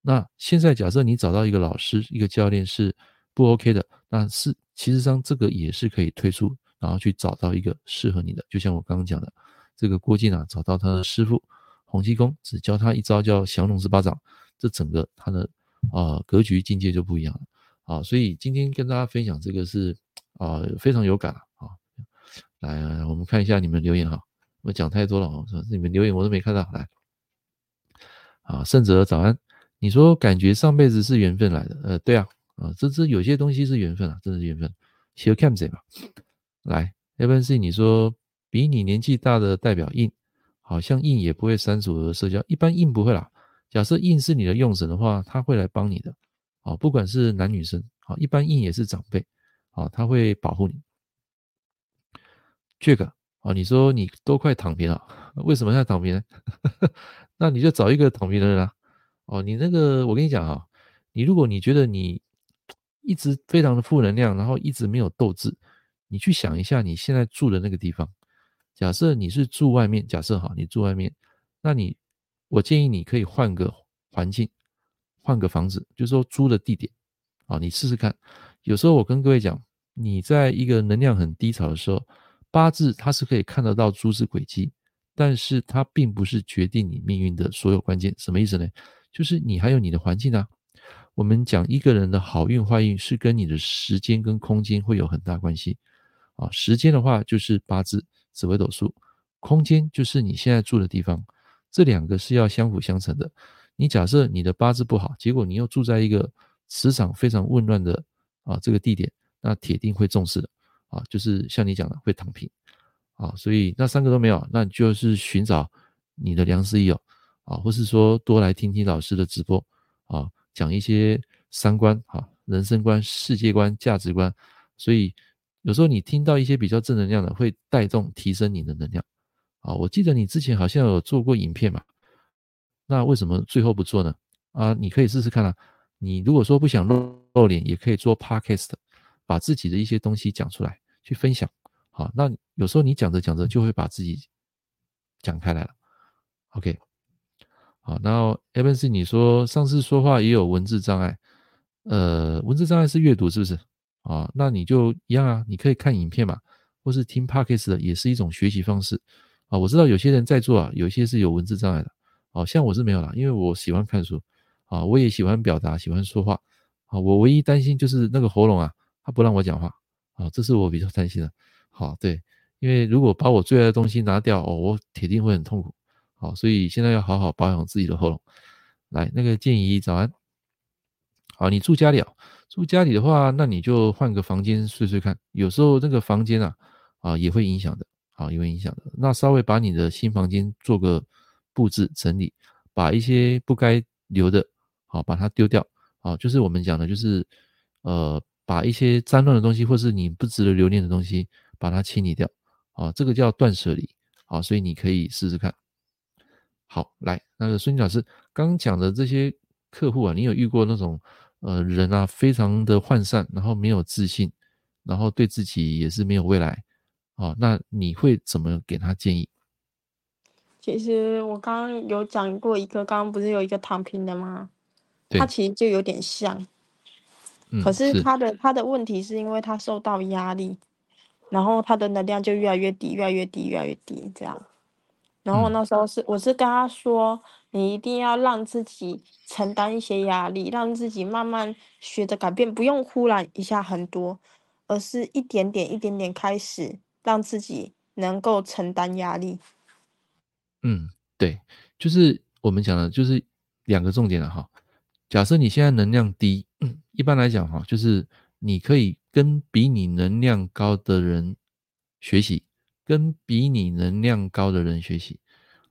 S1: 那現在假設你找到一個老師一個教練是不 OK 的，那是其實上這個也是可以退出。然後去找到一個適合你的，就像我剛剛講的，這個郭靖啊，找到他的師傅洪七公，只教他一招叫降龍十八掌，這整個他的啊、呃、格局境界就不一樣了啊。所以今天跟大家分享這個是啊、呃、非常有感啊,啊。來，我們看一下你們留言哈、啊，我講太多了，我說你們留言我都沒看到。來，啊，盛澤早安，你說感覺上輩子是緣分來的，呃，對啊，啊，這這有些東西是緣分啊，真的是緣分。希爾坎澤來，要不然是你說比你年紀大的代表印，好像印也不會刪除了社交，一般印不會啦。假設印是你的用神的話，他會來幫你的。好，不管是男女生，好，一般印也是長輩，好，他會保護你。這個，c k 哦，你說你都快躺平了，為什麼要躺平呢？ 那你就找一個躺平的人啦、啊。哦，你那個，我跟你講啊，你如果你覺得你一直非常的負能量，然後一直沒有鬥志。你去想一下，你現在住的那個地方。假設你是住外面，假設好，你住外面，那你，我建議你可以換個環境，換個房子，就是說租的地點啊，你試試看。有時候我跟各位講，你在一個能量很低潮的時候，八字它是可以看得到諸事軌跡，但是它並不是決定你命運的所有關鍵。什麼意思呢？就是你還有你的環境啊。我們講一個人的好運壞運是跟你的時間跟空間會有很大關係。啊，時間的話就是八字、紫微斗數，空間就是你現在住的地方，這兩個是要相輔相成的。你假設你的八字不好，結果你又住在一個磁場非常混亂的啊這個地點，那鐵定會重視的啊，就是像你講的會躺平啊。所以那三個都沒有，那你就是尋找你的良師益友啊，或是說多來聽聽老師的直播啊，講一些三觀啊、人生觀、世界觀、價值觀，所以。有時候你聽到一些比較正能量的，會帶動提升你的能量，啊，我記得你之前好像有做過影片嘛，那為什麼最後不做呢？啊，你可以試試看啦，啊。你如果說不想露露臉，也可以做 podcast，把自己的一些東西講出來去分享。好，那有時候你講着講着就會把自己講開來了。OK，好，那 Evan 是你說上次說話也有文字障礙，呃，文字障礙是閱讀是不是？啊，那你就一樣啊，你可以看影片嘛，或是聽 podcast 的，也是一種學習方式。啊，我知道有些人在做啊，有些是有文字障礙的。好、啊、像我是沒有啦，因為我喜歡看書。啊，我也喜歡表達，喜歡說話。啊，我唯一擔心就是那個喉嚨啊，它不讓我講話。啊，這是我比較擔心的。好，對，因為如果把我最愛的東西拿掉，哦，我鐵定會很痛苦。好，所以現在要好好保養自己的喉嚨。來，那個建怡，早安。好，你住家裡哦。住家裡的話，那你就換個房間睡睡看。有時候那個房間啊，啊、呃、也會影響的，啊，也會影響的。那稍微把你的新房間做個布置整理，把一些不該留的，好、啊，把它丟掉，好、啊，就是我們講的，就是，呃，把一些髒亂的東西，或是你不值得留念的東西，把它清理掉，啊，這個叫斷捨離，好、啊，所以你可以試試看。好，來，那個孫老師剛剛講的這些客戶啊，你有遇過那種？呃，人啊，非常的渙散，然後沒有自信，然後對自己也是沒有未來，哦，那你會怎麼給他建議？
S2: 其實我剛剛有講過一個，剛剛不是有一個躺平的嗎？對。他其實就有點像，嗯，可是他的，是，他的問題是因為他受到壓力，然後他的能量就越來越低，越來越低，越來越低，這樣。然後那時候是我是跟他說，你一定要讓自己承擔一些壓力，讓自己慢慢學着改變，不用忽然一下很多，而是一點點、一點點開始，讓自己能夠承擔壓力。
S1: 嗯，對，就是我們講的，就是兩個重點了哈。假設你現在能量低，嗯，一般來講哈，就是你可以跟比你能量高的人學習。跟比你能量高的人學習，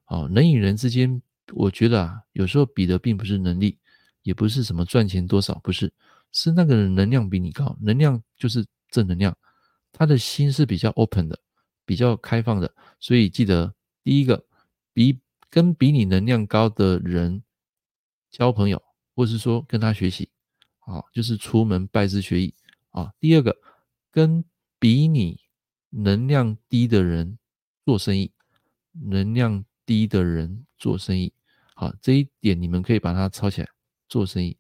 S1: 哦，人與人之間，我覺得啊，有時候比的並不是能力，也不是什麼賺錢多少，不是，是那個人能量比你高。能量就是正能量，他的心是比較 open 的，比較開放的。所以記得第一個，比跟比你能量高的人交朋友，或是說跟他學習，好，就是出門拜師學藝啊。第二個，跟比你。能量低的人做生意，能量低的人做生意，好，這一點你們可以把它抄起來做生意。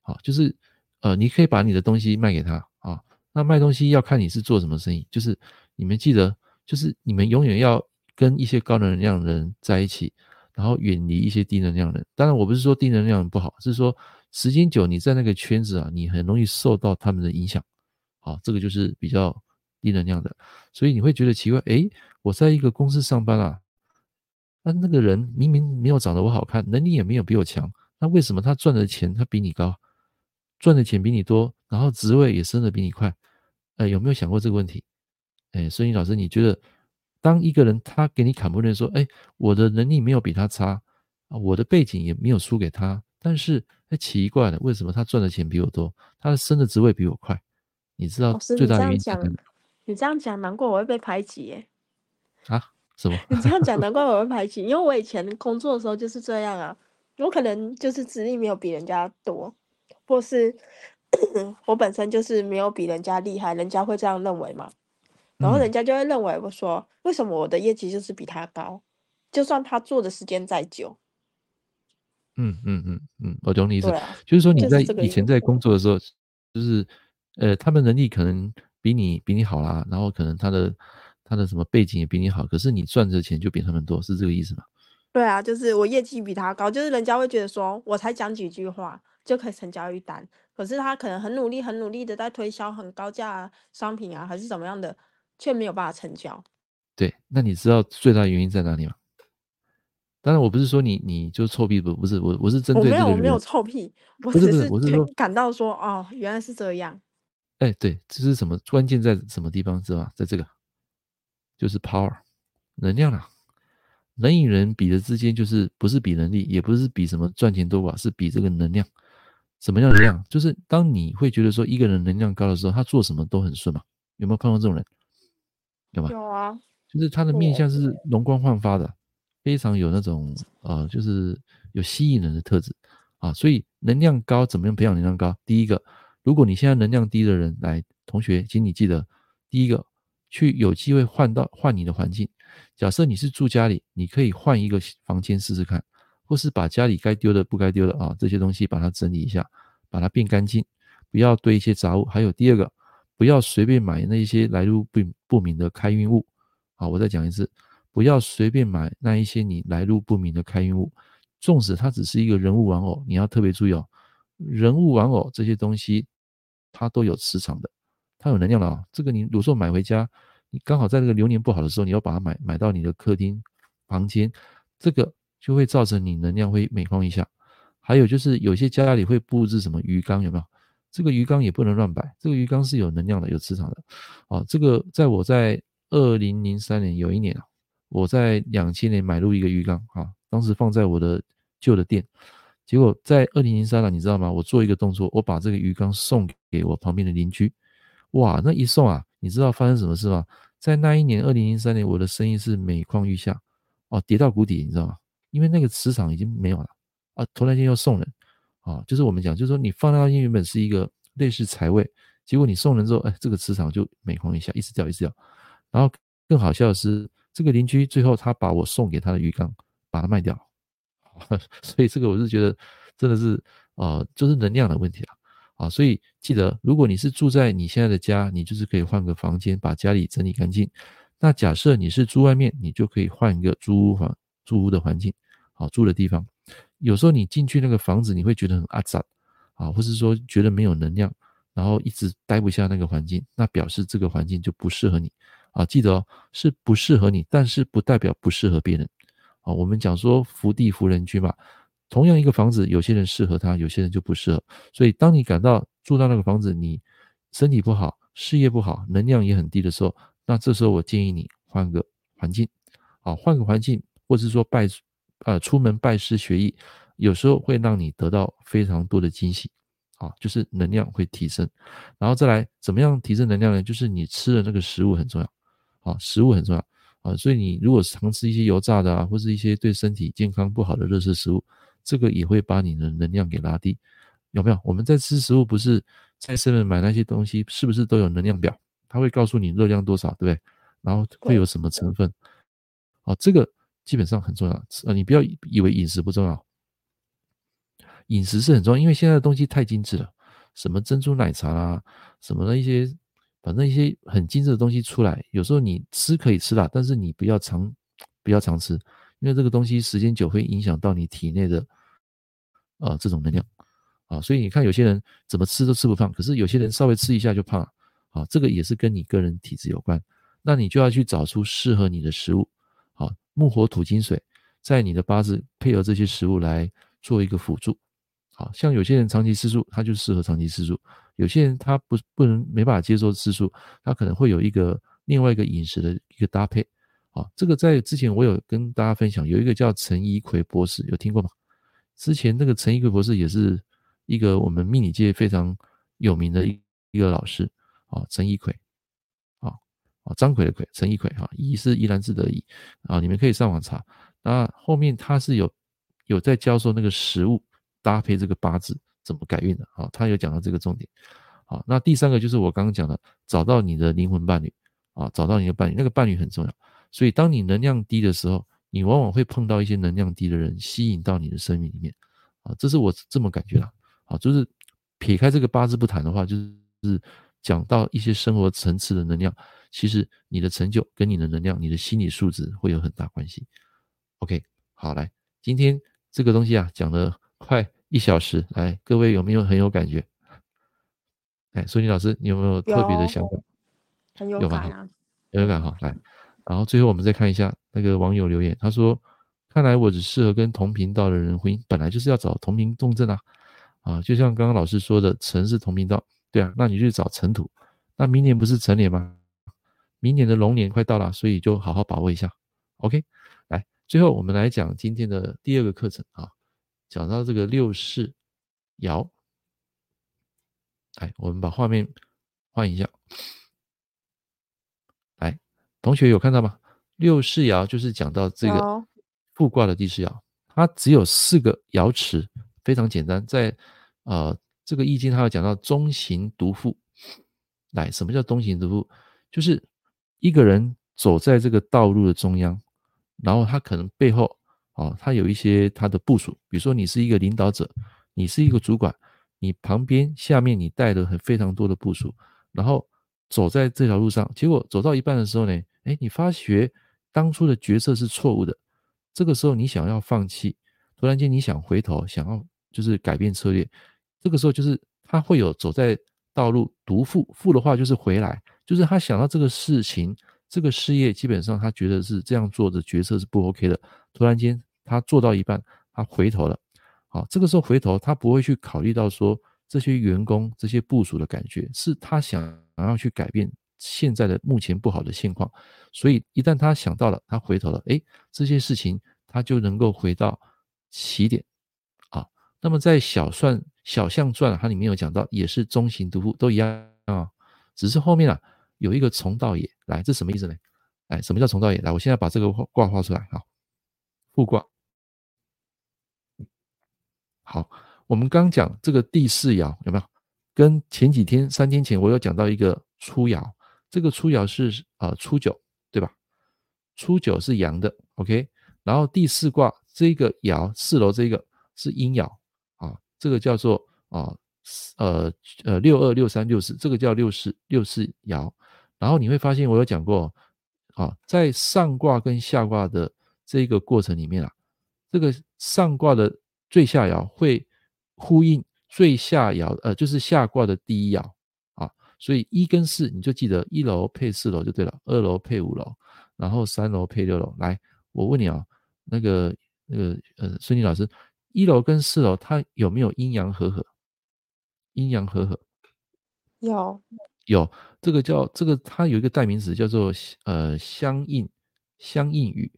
S1: 好，就是，呃，你可以把你的東西賣給他啊。那賣東西要看你是做什麼生意，就是你們記得，就是你們永遠要跟一些高能量的人在一起，然後遠離一些低能量的人。當然，我不是說低能量不好，是說時間久你在那個圈子啊，你很容易受到他們的影響。好，啊，這個就是比較。低能量的，所以你會覺得奇怪，誒，我在一個公司上班啊，那那個人明明沒有長得我好看，能力也沒有比我強，那為什麼他賺的錢他比你高，賺的錢比你多，然後職位也升得比你快，誒，有沒有想過這個問題？誒，所以老師，你覺得當一個人他給你砍不認說，誒，我的能力沒有比他差，我的背景也沒有輸給他，但是誒，奇怪了，為什麼他賺的錢比我多，他的升的職位比我快？你知道最大的原因在哪？
S2: 你這樣講，難怪我會被排擠耶、
S1: 欸！啊，什麼？ 你這樣講，
S2: 難怪我會排擠，因為我以前工作的時候就是這樣啊。我可能就是資歷沒有比人家多，或是 我本身就是沒有比人家厲害，人家會這樣認為嘛。然後人家就會認為我說，嗯、為什麼我的業績就是比他高，就算他做的時間再久。嗯嗯
S1: 嗯嗯，我懂你意思，啊、就是說你在以前在工作的時候，就是、就是、呃，他們能力可能。比你比你好啦，然後可能他的他的什麼背景也比你好，可是你賺的錢就比他們很多，是這個意思嗎？
S2: 對啊，就是我業績比他高，就是人家會覺得說我才講幾句話就可以成交一單，可是他可能很努力很努力的在推銷很高價商品啊，還是怎麼樣的，卻沒有辦法成交。
S1: 對，那你知道最大原因在哪裡嗎？當然，我不是說你，你就臭屁不？不是我，我是針對沒有沒有臭屁，我只是
S2: 感到說哦，原來是這樣。
S1: 哎，對，這是什麼？關鍵在什麼地方？知道吧？在這個，就是 power，能量啦、啊。人與人比的之間，就是不是比能力，也不是比什麼賺錢多寡，是比這個能量。什麼叫能量？就是當你會覺得說一個人能量高的時候，他做什麼都很順嘛。有沒有碰到這種人？有嗎？有啊，就是他的面相是容光煥發的，對非常有那種啊、呃，就是有吸引人的特質啊。所以能量高，怎麼樣培養能量高？第一個，如果你現在能量低的人來，同學，請你記得，第一個，去有機會換到換你的環境。假設你是住家裡，你可以換一個房間試試看，或是把家裡該丟的不該丟的啊，這些東西把它整理一下，把它變乾淨，不要堆一些雜物。還有第二個，不要隨便買那一些來路不不明的開運物。好，我再講一次，不要隨便買那一些你來路不明的開運物，縱使它只是一個人物玩偶，你要特別注意哦，人物玩偶這些東西。它都有磁場的，它有能量的啊。這個你比如說買回家，你剛好在那個流年不好的時候，你要把它買買到你的客廳、房間，這個就會造成你能量會每況愈下。還有就是有些家裡會布置什麼魚缸，有沒有？這個魚缸也不能亂擺，這個魚缸是有能量的、有磁場的。啊，這個在我在二零零三年有一年我在兩千年買入一個魚缸啊，當時放在我的舊的店。結果在二零零三年，你知道嗎？我做一個動作，我把這個魚缸送給我旁邊的鄰居。哇，那一送啊，你知道發生什麼事嗎？在那一年，二零零三年，我的生意是每況愈下，哦，跌到谷底，你知道嗎？因為那個磁場已經沒有了啊，突然間要送人啊，就是我們講，就是說你放那邊原本是一個類似財位，結果你送人之後，哎，這個磁場就每況愈下，一直掉一直掉。然後更好笑的是，這個鄰居最後他把我送給他的魚缸把它賣掉。 所以這個我是覺得，真的是呃，就是能量的問題了啊。所以記得，如果你是住在你現在的家，你就是可以換個房間，把家裡整理乾淨。那假設你是住外面，你就可以換一個租屋房、租屋的環境，好住的地方。有時候你進去那個房子，你會覺得很阿雜啊，或是說覺得沒有能量，然後一直待不下那個環境，那表示這個環境就不適合你啊。記得哦，是不適合你，但是不代表不適合別人。啊、哦，我們講說福地福人居嘛，同樣一個房子，有些人適合他，有些人就不適合。所以當你感到住到那個房子，你身體不好，事業不好，能量也很低的時候，那這時候我建議你換個環境，啊，換個環境，或是說拜，呃，出門拜師學藝，有時候會讓你得到非常多的驚喜，啊，就是能量會提升。然後再來，怎麼樣提升能量呢？就是你吃的那個食物很重要，啊，食物很重要。啊，所以你如果常吃一些油炸的啊，或是一些對身體健康不好的熱食食物，這個也會把你的能量給拉低，有沒有？我們在吃食物，不是菜市場買那些東西，是不是都有能量表？它會告訴你熱量多少，對不對？然後會有什麼成分？怪怪的啊，這個基本上很重要啊，你不要以為飲食不重要，飲食是很重要，因為現在的東西太精致了，什麼珍珠奶茶啊，什麼的一些。反正一些很精緻的東西出來，有時候你吃可以吃啦，但是你不要常，不要常吃，因為這個東西時間久會影響到你體內的，啊、呃，這種能量，啊，所以你看有些人怎麼吃都吃不胖，可是有些人稍微吃一下就胖了，啊，這個也是跟你個人體質有關，那你就要去找出適合你的食物，好、啊，木火土金水，在你的八字配合這些食物來做一個輔助，好、啊、像有些人長期吃素，他就適合長期吃素。有些人他不不能沒辦法接受次數，他可能會有一個另外一個飲食的一個搭配。啊，這個在之前我有跟大家分享，有一個叫陳怡魁博士，有聽過嗎？之前那個陳怡魁博士也是一個我們命理界非常有名的一一個老師，啊，陳怡魁，啊張魁的魁，陳怡魁哈，怡、啊、是怡然自得的怡，啊，你們可以上網查，那後面他是有有在教授那個食物搭配這個八字，怎麼改運的啊？他有講到這個重點，好，那第三個就是我剛剛講的，找到你的靈魂伴侶啊，找到你的伴侶，那個伴侶很重要。所以當你能量低的時候，你往往會碰到一些能量低的人吸引到你的生命裡面啊，這是我這麼感覺的啊。就是撇開這個八字不談的話，就是講到一些生活層次的能量，其實你的成就跟你的能量、你的心理素質會有很大關係。OK，好，來，今天這個東西啊，講得快。一小時來，各位有沒有很有感覺？哎，蘇你老師，你有沒有特別的想法？有很有感啊，很
S2: 有，
S1: 有，有感哈。來，然後最後我們再看一下那個網友留言，他說：“看來我只適合跟同頻道的人婚姻，本來就是要找同頻共振啊。”啊，就像剛剛老師說的，辰是同頻道，對啊，那你去找辰土。那明年不是辰年嗎？明年的龍年快到了，所以就好好把握一下。OK，來，最後我們來講今天的第二個課程啊。講到這個六四爻，哎，我們把畫面換一下。來，同學有看到嗎？六四爻就是講到這個復卦的第四爻，它只有四個爻辭，非常簡單。在呃這個《易經》它有講到“中行獨復”。來，什麼叫“中行獨復”？就是一個人走在這個道路的中央，然後他可能背後。哦，他有一些他的部署，比如說你是一個領導者，你是一個主管，你旁邊下面你帶了很非常多的部屬，然後走在這條路上，結果走到一半的時候呢，哎，你發覺當初的決策是錯誤的，這個時候你想要放棄，突然間你想回頭，想要就是改變策略，這個時候就是他會有走在道路獨復，復的話就是回來，就是他想到這個事情。這個事業基本上他覺得是這樣做的決策是不 OK 的，突然間他做到一半，他回頭了，好、啊，這個時候回頭他不會去考慮到說，這些員工這些部署的感覺，是他想要去改變現在的目前不好的現況，所以一旦他想到了，他回頭了，哎，這些事情他就能夠回到起點，啊，那麼在小算《小算小象傳、啊》它裡面有講到，也是中行獨復都一樣啊，只是後面啊。有一個從道也來，這是什麼意思呢？哎，什麼叫從道也來？我現在把這個卦畫出來啊，復卦。掛好，我們剛講這個第四爻有沒有？跟前幾天三天前，我有講到一個初爻，這個初爻是啊、呃、初九對吧？初九是陽的，OK。然後第四卦這個爻，四樓這個是陰爻啊，這個叫做啊呃呃,呃六二六三六四，這個叫六四六四爻。然後你會發現，我有講過，啊，在上卦、跟下卦的這一個過程裡面啊，這個上卦的最下爻會呼應最下爻，呃，就是下卦的第一爻啊。所以一跟四，你就記得一樓配四樓就對了，二樓配五樓，然後三樓配六樓。來，我問你啊，那個那個呃，孫寧老師，一樓跟四樓它有沒有陰陽合合？陰陽合合？有。有這個叫這個，它有一個代名詞叫做呃相應相應與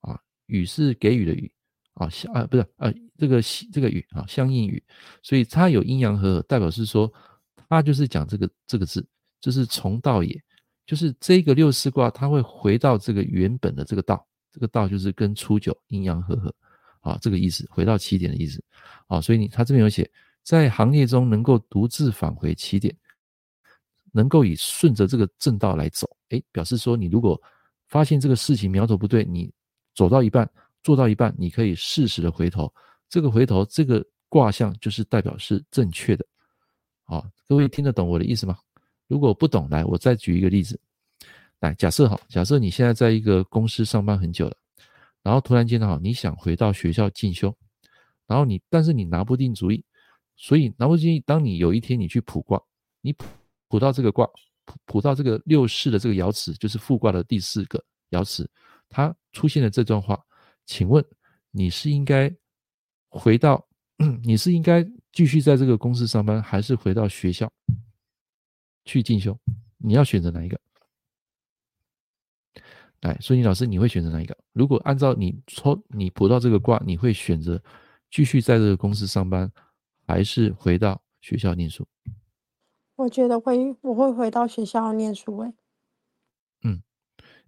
S1: 啊，與是給予的與啊相啊不是啊這個這個與啊相應與，所以它有陰陽和合，代表是說它就是講這個這個字，就是從道，也就是這個六四卦，它會回到這個原本的這個道，這個道就是跟初九陰陽和合啊，這個意思，回到起點的意思啊，所以你它這邊有寫在行業中能夠獨自返回起點，能夠以順着這個正道來走，誒，表示說你如果發現這個事情苗頭不對，你走到一半，做到一半，你可以適時的回頭。這個回頭，這個卦象就是代表是正確的。好、哦，各位聽得懂我的意思嗎？如果不懂，來，我再舉一個例子。來，假設哈，假設你現在在一個公司上班很久了，然後突然間哈，你想回到學校進修，然後你，但是你拿不定主意，所以拿不定主意。當你有一天你去卜卦，你卜。卜到這個卦，卜卜到這個六四的這個爻辭，就是復卦的第四個爻辭，它出現了這段話，請問你是應該回到，你是應該繼續在這個公司上班，還是回到學校去進修？你要選擇哪一個？來，孫穎老師，你會選擇哪一個？如果按照你說，你卜到這個卦，你會選擇繼續在這個公司上班，還是回到學校念書？
S2: 我覺
S1: 得會，我會回到學校念書，欸。哎，嗯，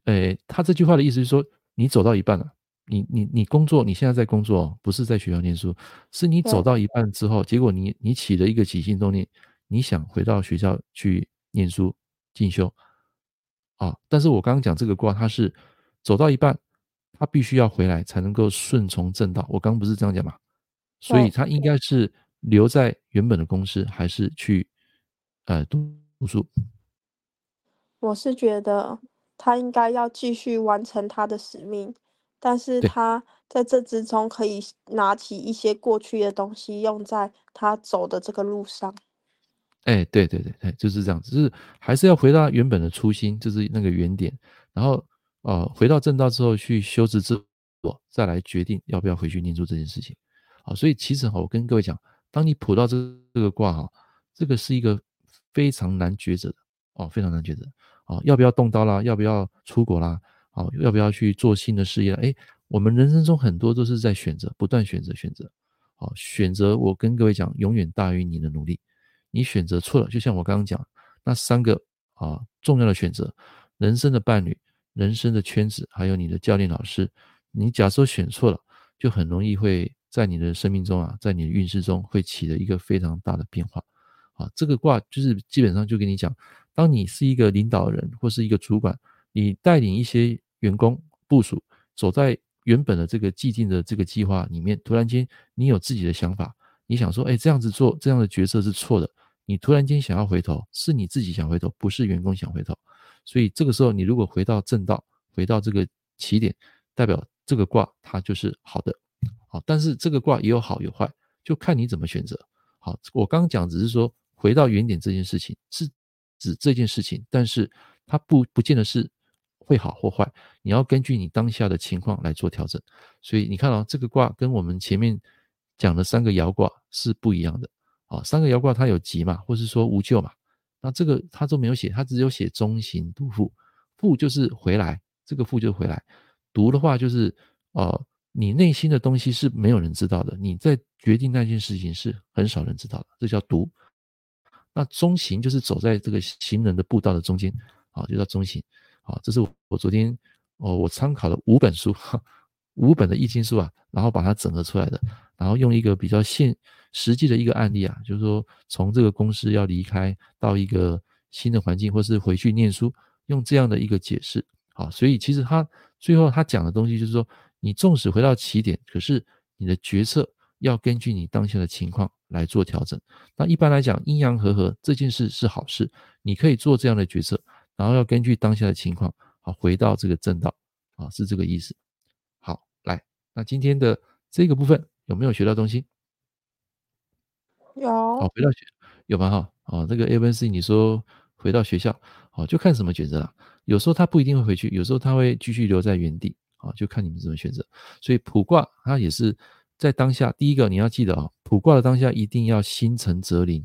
S1: 呃，他這句話的意思是說，你走到一半了，你你你工作，你現在在工作，不是在學校念書，是你走到一半之後，對結果你你起了一個起心動念，你想回到學校去念書進修，啊，但是我剛剛講這個卦，他是走到一半，他必須要回來才能夠順從正道。我剛剛不是這樣講嘛？對所以他應該是留在原本的公司，對還是去？呃，讀讀書，
S2: 我是覺得他應該要繼續完成他的使命，但是他在這之中可以拿起一些過去的東西，用在他走的這個路上。
S1: 哎，對對對，哎，就是這樣子，就是還是要回到原本的初心，就是那個原點，然後呃，回到正道之後去修持自我，再來決定要不要回去念書這件事情。啊、哦，所以其實哈，我跟各位講，當你卜到這這個卦哈，這個是一個。非常難抉擇的哦，非常難抉擇啊、哦！要不要動刀啦？要不要出國啦？哦，要不要去做新的事業啦？哎，我們人生中很多都是在選擇，不斷選擇，選擇。好、哦，選擇我跟各位講，永遠大於你的努力。你選擇錯了，就像我剛剛講那三個啊、哦、重要的選擇：人生的伴侶、人生的圈子，還有你的教練老師。你假設選錯了，就很容易會在你的生命中啊，在你的運勢中會起了一個非常大的變化。啊，這個卦就是基本上就跟你講，當你是一個領導人或是一個主管，你帶領一些員工部屬，走在原本的這個既定的這個計劃裡面，突然間你有自己的想法，你想說，哎，這樣子做這樣的決策是錯的，你突然間想要回頭，是你自己想回頭，不是員工想回頭，所以這個時候你如果回到正道，回到這個起點，代表這個卦它就是好的，好，但是這個卦也有好有壞，就看你怎麼選擇。好，我剛講只是說。回到原點這件事情是指這件事情，但是它不不見得是會好或壞，你要根據你當下的情況來做調整。所以你看哦，這個卦跟我們前面講的三個爻卦是不一樣的啊、哦。三個爻卦它有吉嘛，或是說無咎嘛？那這個它都沒有寫，它只有寫中行獨復，復就是回來，這個復就回來。獨的話就是、呃、你內心的東西是沒有人知道的，你在決定那件事情是很少人知道的，這叫獨。那中行就是走在這個行人的步道的中間，啊，就叫中行，啊，這是我我昨天哦，我參考了五本書，哈，五本的易經書啊，然後把它整合出來的，然後用一個比較現實際的一個案例啊，就是說從這個公司要離開到一個新的環境，或是回去念書，用這樣的一個解釋，啊，所以其實他最後他講的東西就是說，你縱使回到起點，可是你的決策。要根據你當下的情況來做調整。那一般來講，陰陽合合這件事是好事，你可以做這樣的決策。然後要根據當下的情況、啊，好回到這個正道啊，是這個意思。好，來，那今天的這個部分有沒有學到東西？有好，哦、回到學有嗎？哈，啊，這個 A、B、C，你說回到學校，哦，就看什麼抉擇了。有時候他不一定會回去，有時候他會繼續留在原地，啊，就看你們怎麼選擇。所以，卜卦它也是。在當下，第一個你要記得啊，卜卦的當下一定要心誠則靈。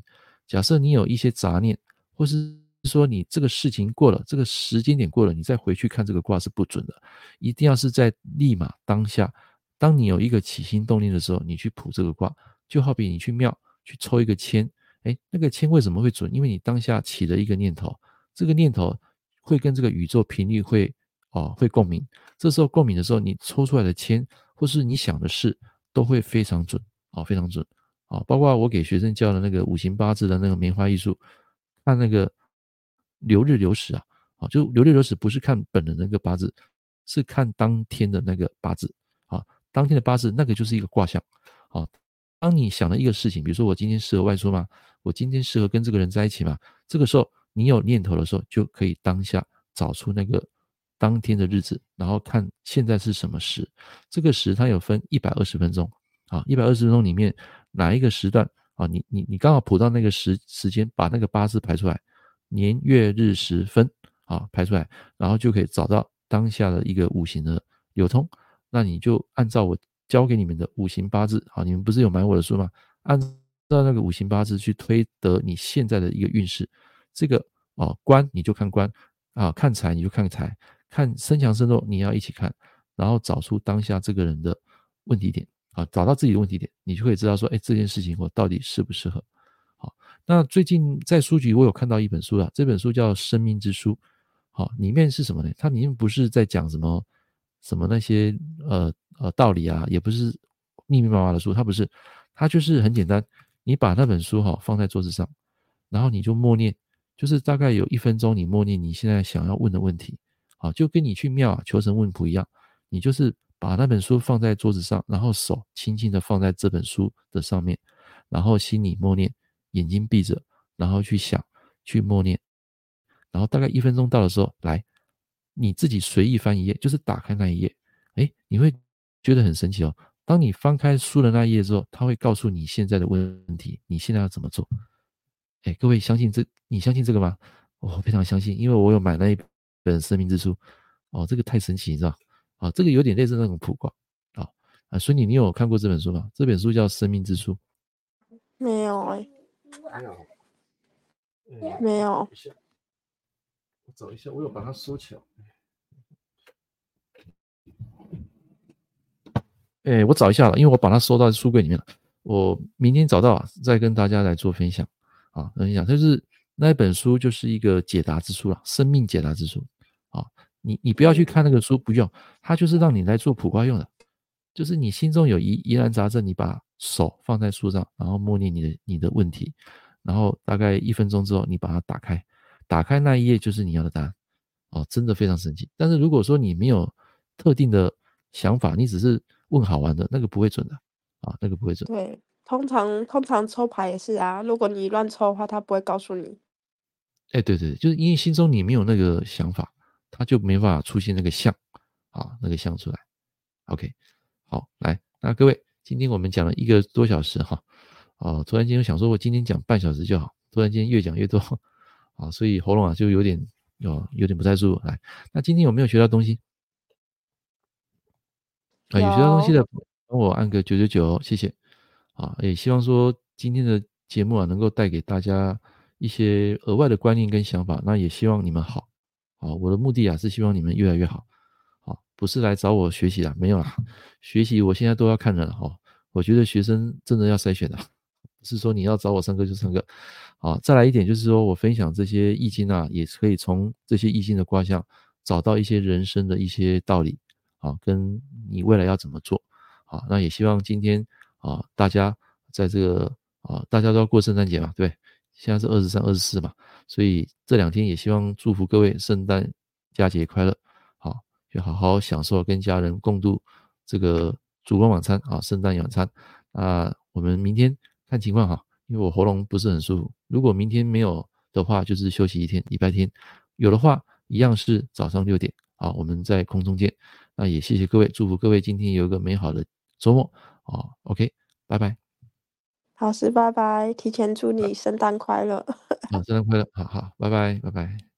S1: 假設你有一些雜念，或是說你這個事情過了，這個時間點過了，你再回去看這個卦是不準的。一定要是在立馬當下，當你有一個起心動念的時候，你去卜這個卦，就好比你去廟去抽一個籤，哎，那個籤為什麼會準？因為你當下起了一個念頭，這個念頭會跟這個宇宙頻率會哦、呃、會共鳴。這時候共鳴的時候，你抽出來的籤，或是你想的事。都會非常準啊，非常準啊！包括我給學生教的那個五行八字的那個梅花易數，看那個流日流時啊，啊，就流日流時不是看本人的那個八字，是看當天的那個八字啊。當天的八字那個就是一個卦象啊。當你想了一個事情，比如說我今天適合外出嗎？我今天適合跟這個人在一起嗎？這個時候你有念頭的時候，就可以當下找出那個。當天的日子，然後看現在是什麼時，這個時它有分一百二十分鐘啊，一百二十分鐘裡面哪一個時段啊？你你你剛好補到那個時時間，把那個八字排出來，年月日時分啊排出來，然後就可以找到當下的一個五行的流通。那你就按照我教給你們的五行八字啊，你們不是有買我的書嗎？按照那個五行八字去推得你現在的一個運勢，這個啊，官你就看官啊，看財你就看財。看身強身弱，你要一起看，然後找出當下這個人的問題點啊，找到自己的問題點，你就可以知道說，哎，這件事情我到底適不適合？好，那最近在書局，我有看到一本書啊，這本書叫《生命之書》。好，裡面是什麼呢？它裡面不是在講什麼什麼那些呃呃道理啊，也不是密密麻麻的書，它不是，它就是很簡單，你把那本書哈、哦、放在桌子上，然後你就默念，就是大概有一分鐘，你默念你現在想要問的問題。好，就跟你去廟啊求神問卜一樣，你就是把那本書放在桌子上，然後手輕輕地放在這本書的上面，然後心裡默念，眼睛閉着，然後去想，去默念，然後大概一分鐘到的時候來，你自己隨意翻一頁，就是打開那一頁，哎，你會覺得很神奇哦。當你翻開書的那一頁之後，它會告訴你現在的問題，你現在要怎麼做？哎，各位相信這你相信這個嗎？我非常相信，因為我有買了那一本。本生命之書，哦，這個太神奇是吧？啊，這個有點類似那種卜卦啊啊！所以你你有看過這本書嗎？這本書叫《生命之書》，
S2: 沒有哎，沒有，哎、呦沒有。等一下，我找
S1: 一下，我有把它收起來。哎，我找一下了，因為我把它收到書櫃裡面了。我明天找到再跟大家來做分享啊！等一下，就是。那本書就是一個解答之書啦，生命解答之書。啊，你你不要去看那個書，不用，它就是讓你來做卜卦用的，就是你心中有疑疑難雜症，你把手放在書上，然後默念你的你的問題，然後大概一分鐘之後，你把它打開，打開那一頁就是你要的答案。哦，啊，真的非常神奇。但是如果說你沒有特定的想法，你只是問好玩的，那個不會準的啊，那個不會準。
S2: 對，通常通常抽牌也是啊，如果你亂抽的話，他不會告訴你。
S1: 哎，對對對，就是因為心中你沒有那個想法，他就沒辦法出現那個像，啊，那個像出來。OK，好，來，那各位，今天我們講了一個多小時哈，啊，突然間有想說我今天講半小時就好，突然間越講越多，啊，所以喉嚨啊就有點，哦、啊，有點不太舒服。來，那今天有沒有學到東西？有啊，有學到東西的幫我按個九九九，謝謝。啊，也希望說今天的節目啊能夠帶給大家。一些額外的觀念跟想法，那也希望你們好，啊，我的目的啊是希望你們越來越好，啊，不是來找我學習的，沒有啦，學習我現在都要看的哈，我覺得學生真的要篩選的，是說你要找我上課就上課，啊，再來一點就是說我分享這些易經啊，也可以從這些易經的卦象找到一些人生的一些道理，啊，跟你未來要怎麼做，啊，那也希望今天啊大家在這個啊大家都要過聖誕節嘛，對。現在是二十三、二十四嘛，所以這兩天也希望祝福各位聖誕佳節快樂，好，就好好享受跟家人共度這個燭光晚餐啊，聖誕晚餐。那，啊，我們明天看情況哈，因為我喉嚨不是很舒服，如果明天沒有的話，就是休息一天，禮拜天；有的話，一樣是早上六點啊，我們在空中見。那也謝謝各位，祝福各位今天有一個美好的週末啊。OK，拜拜。
S2: 老師，拜拜！提前祝你聖誕快樂。
S1: 好，聖誕 快樂！好好，拜拜，拜拜。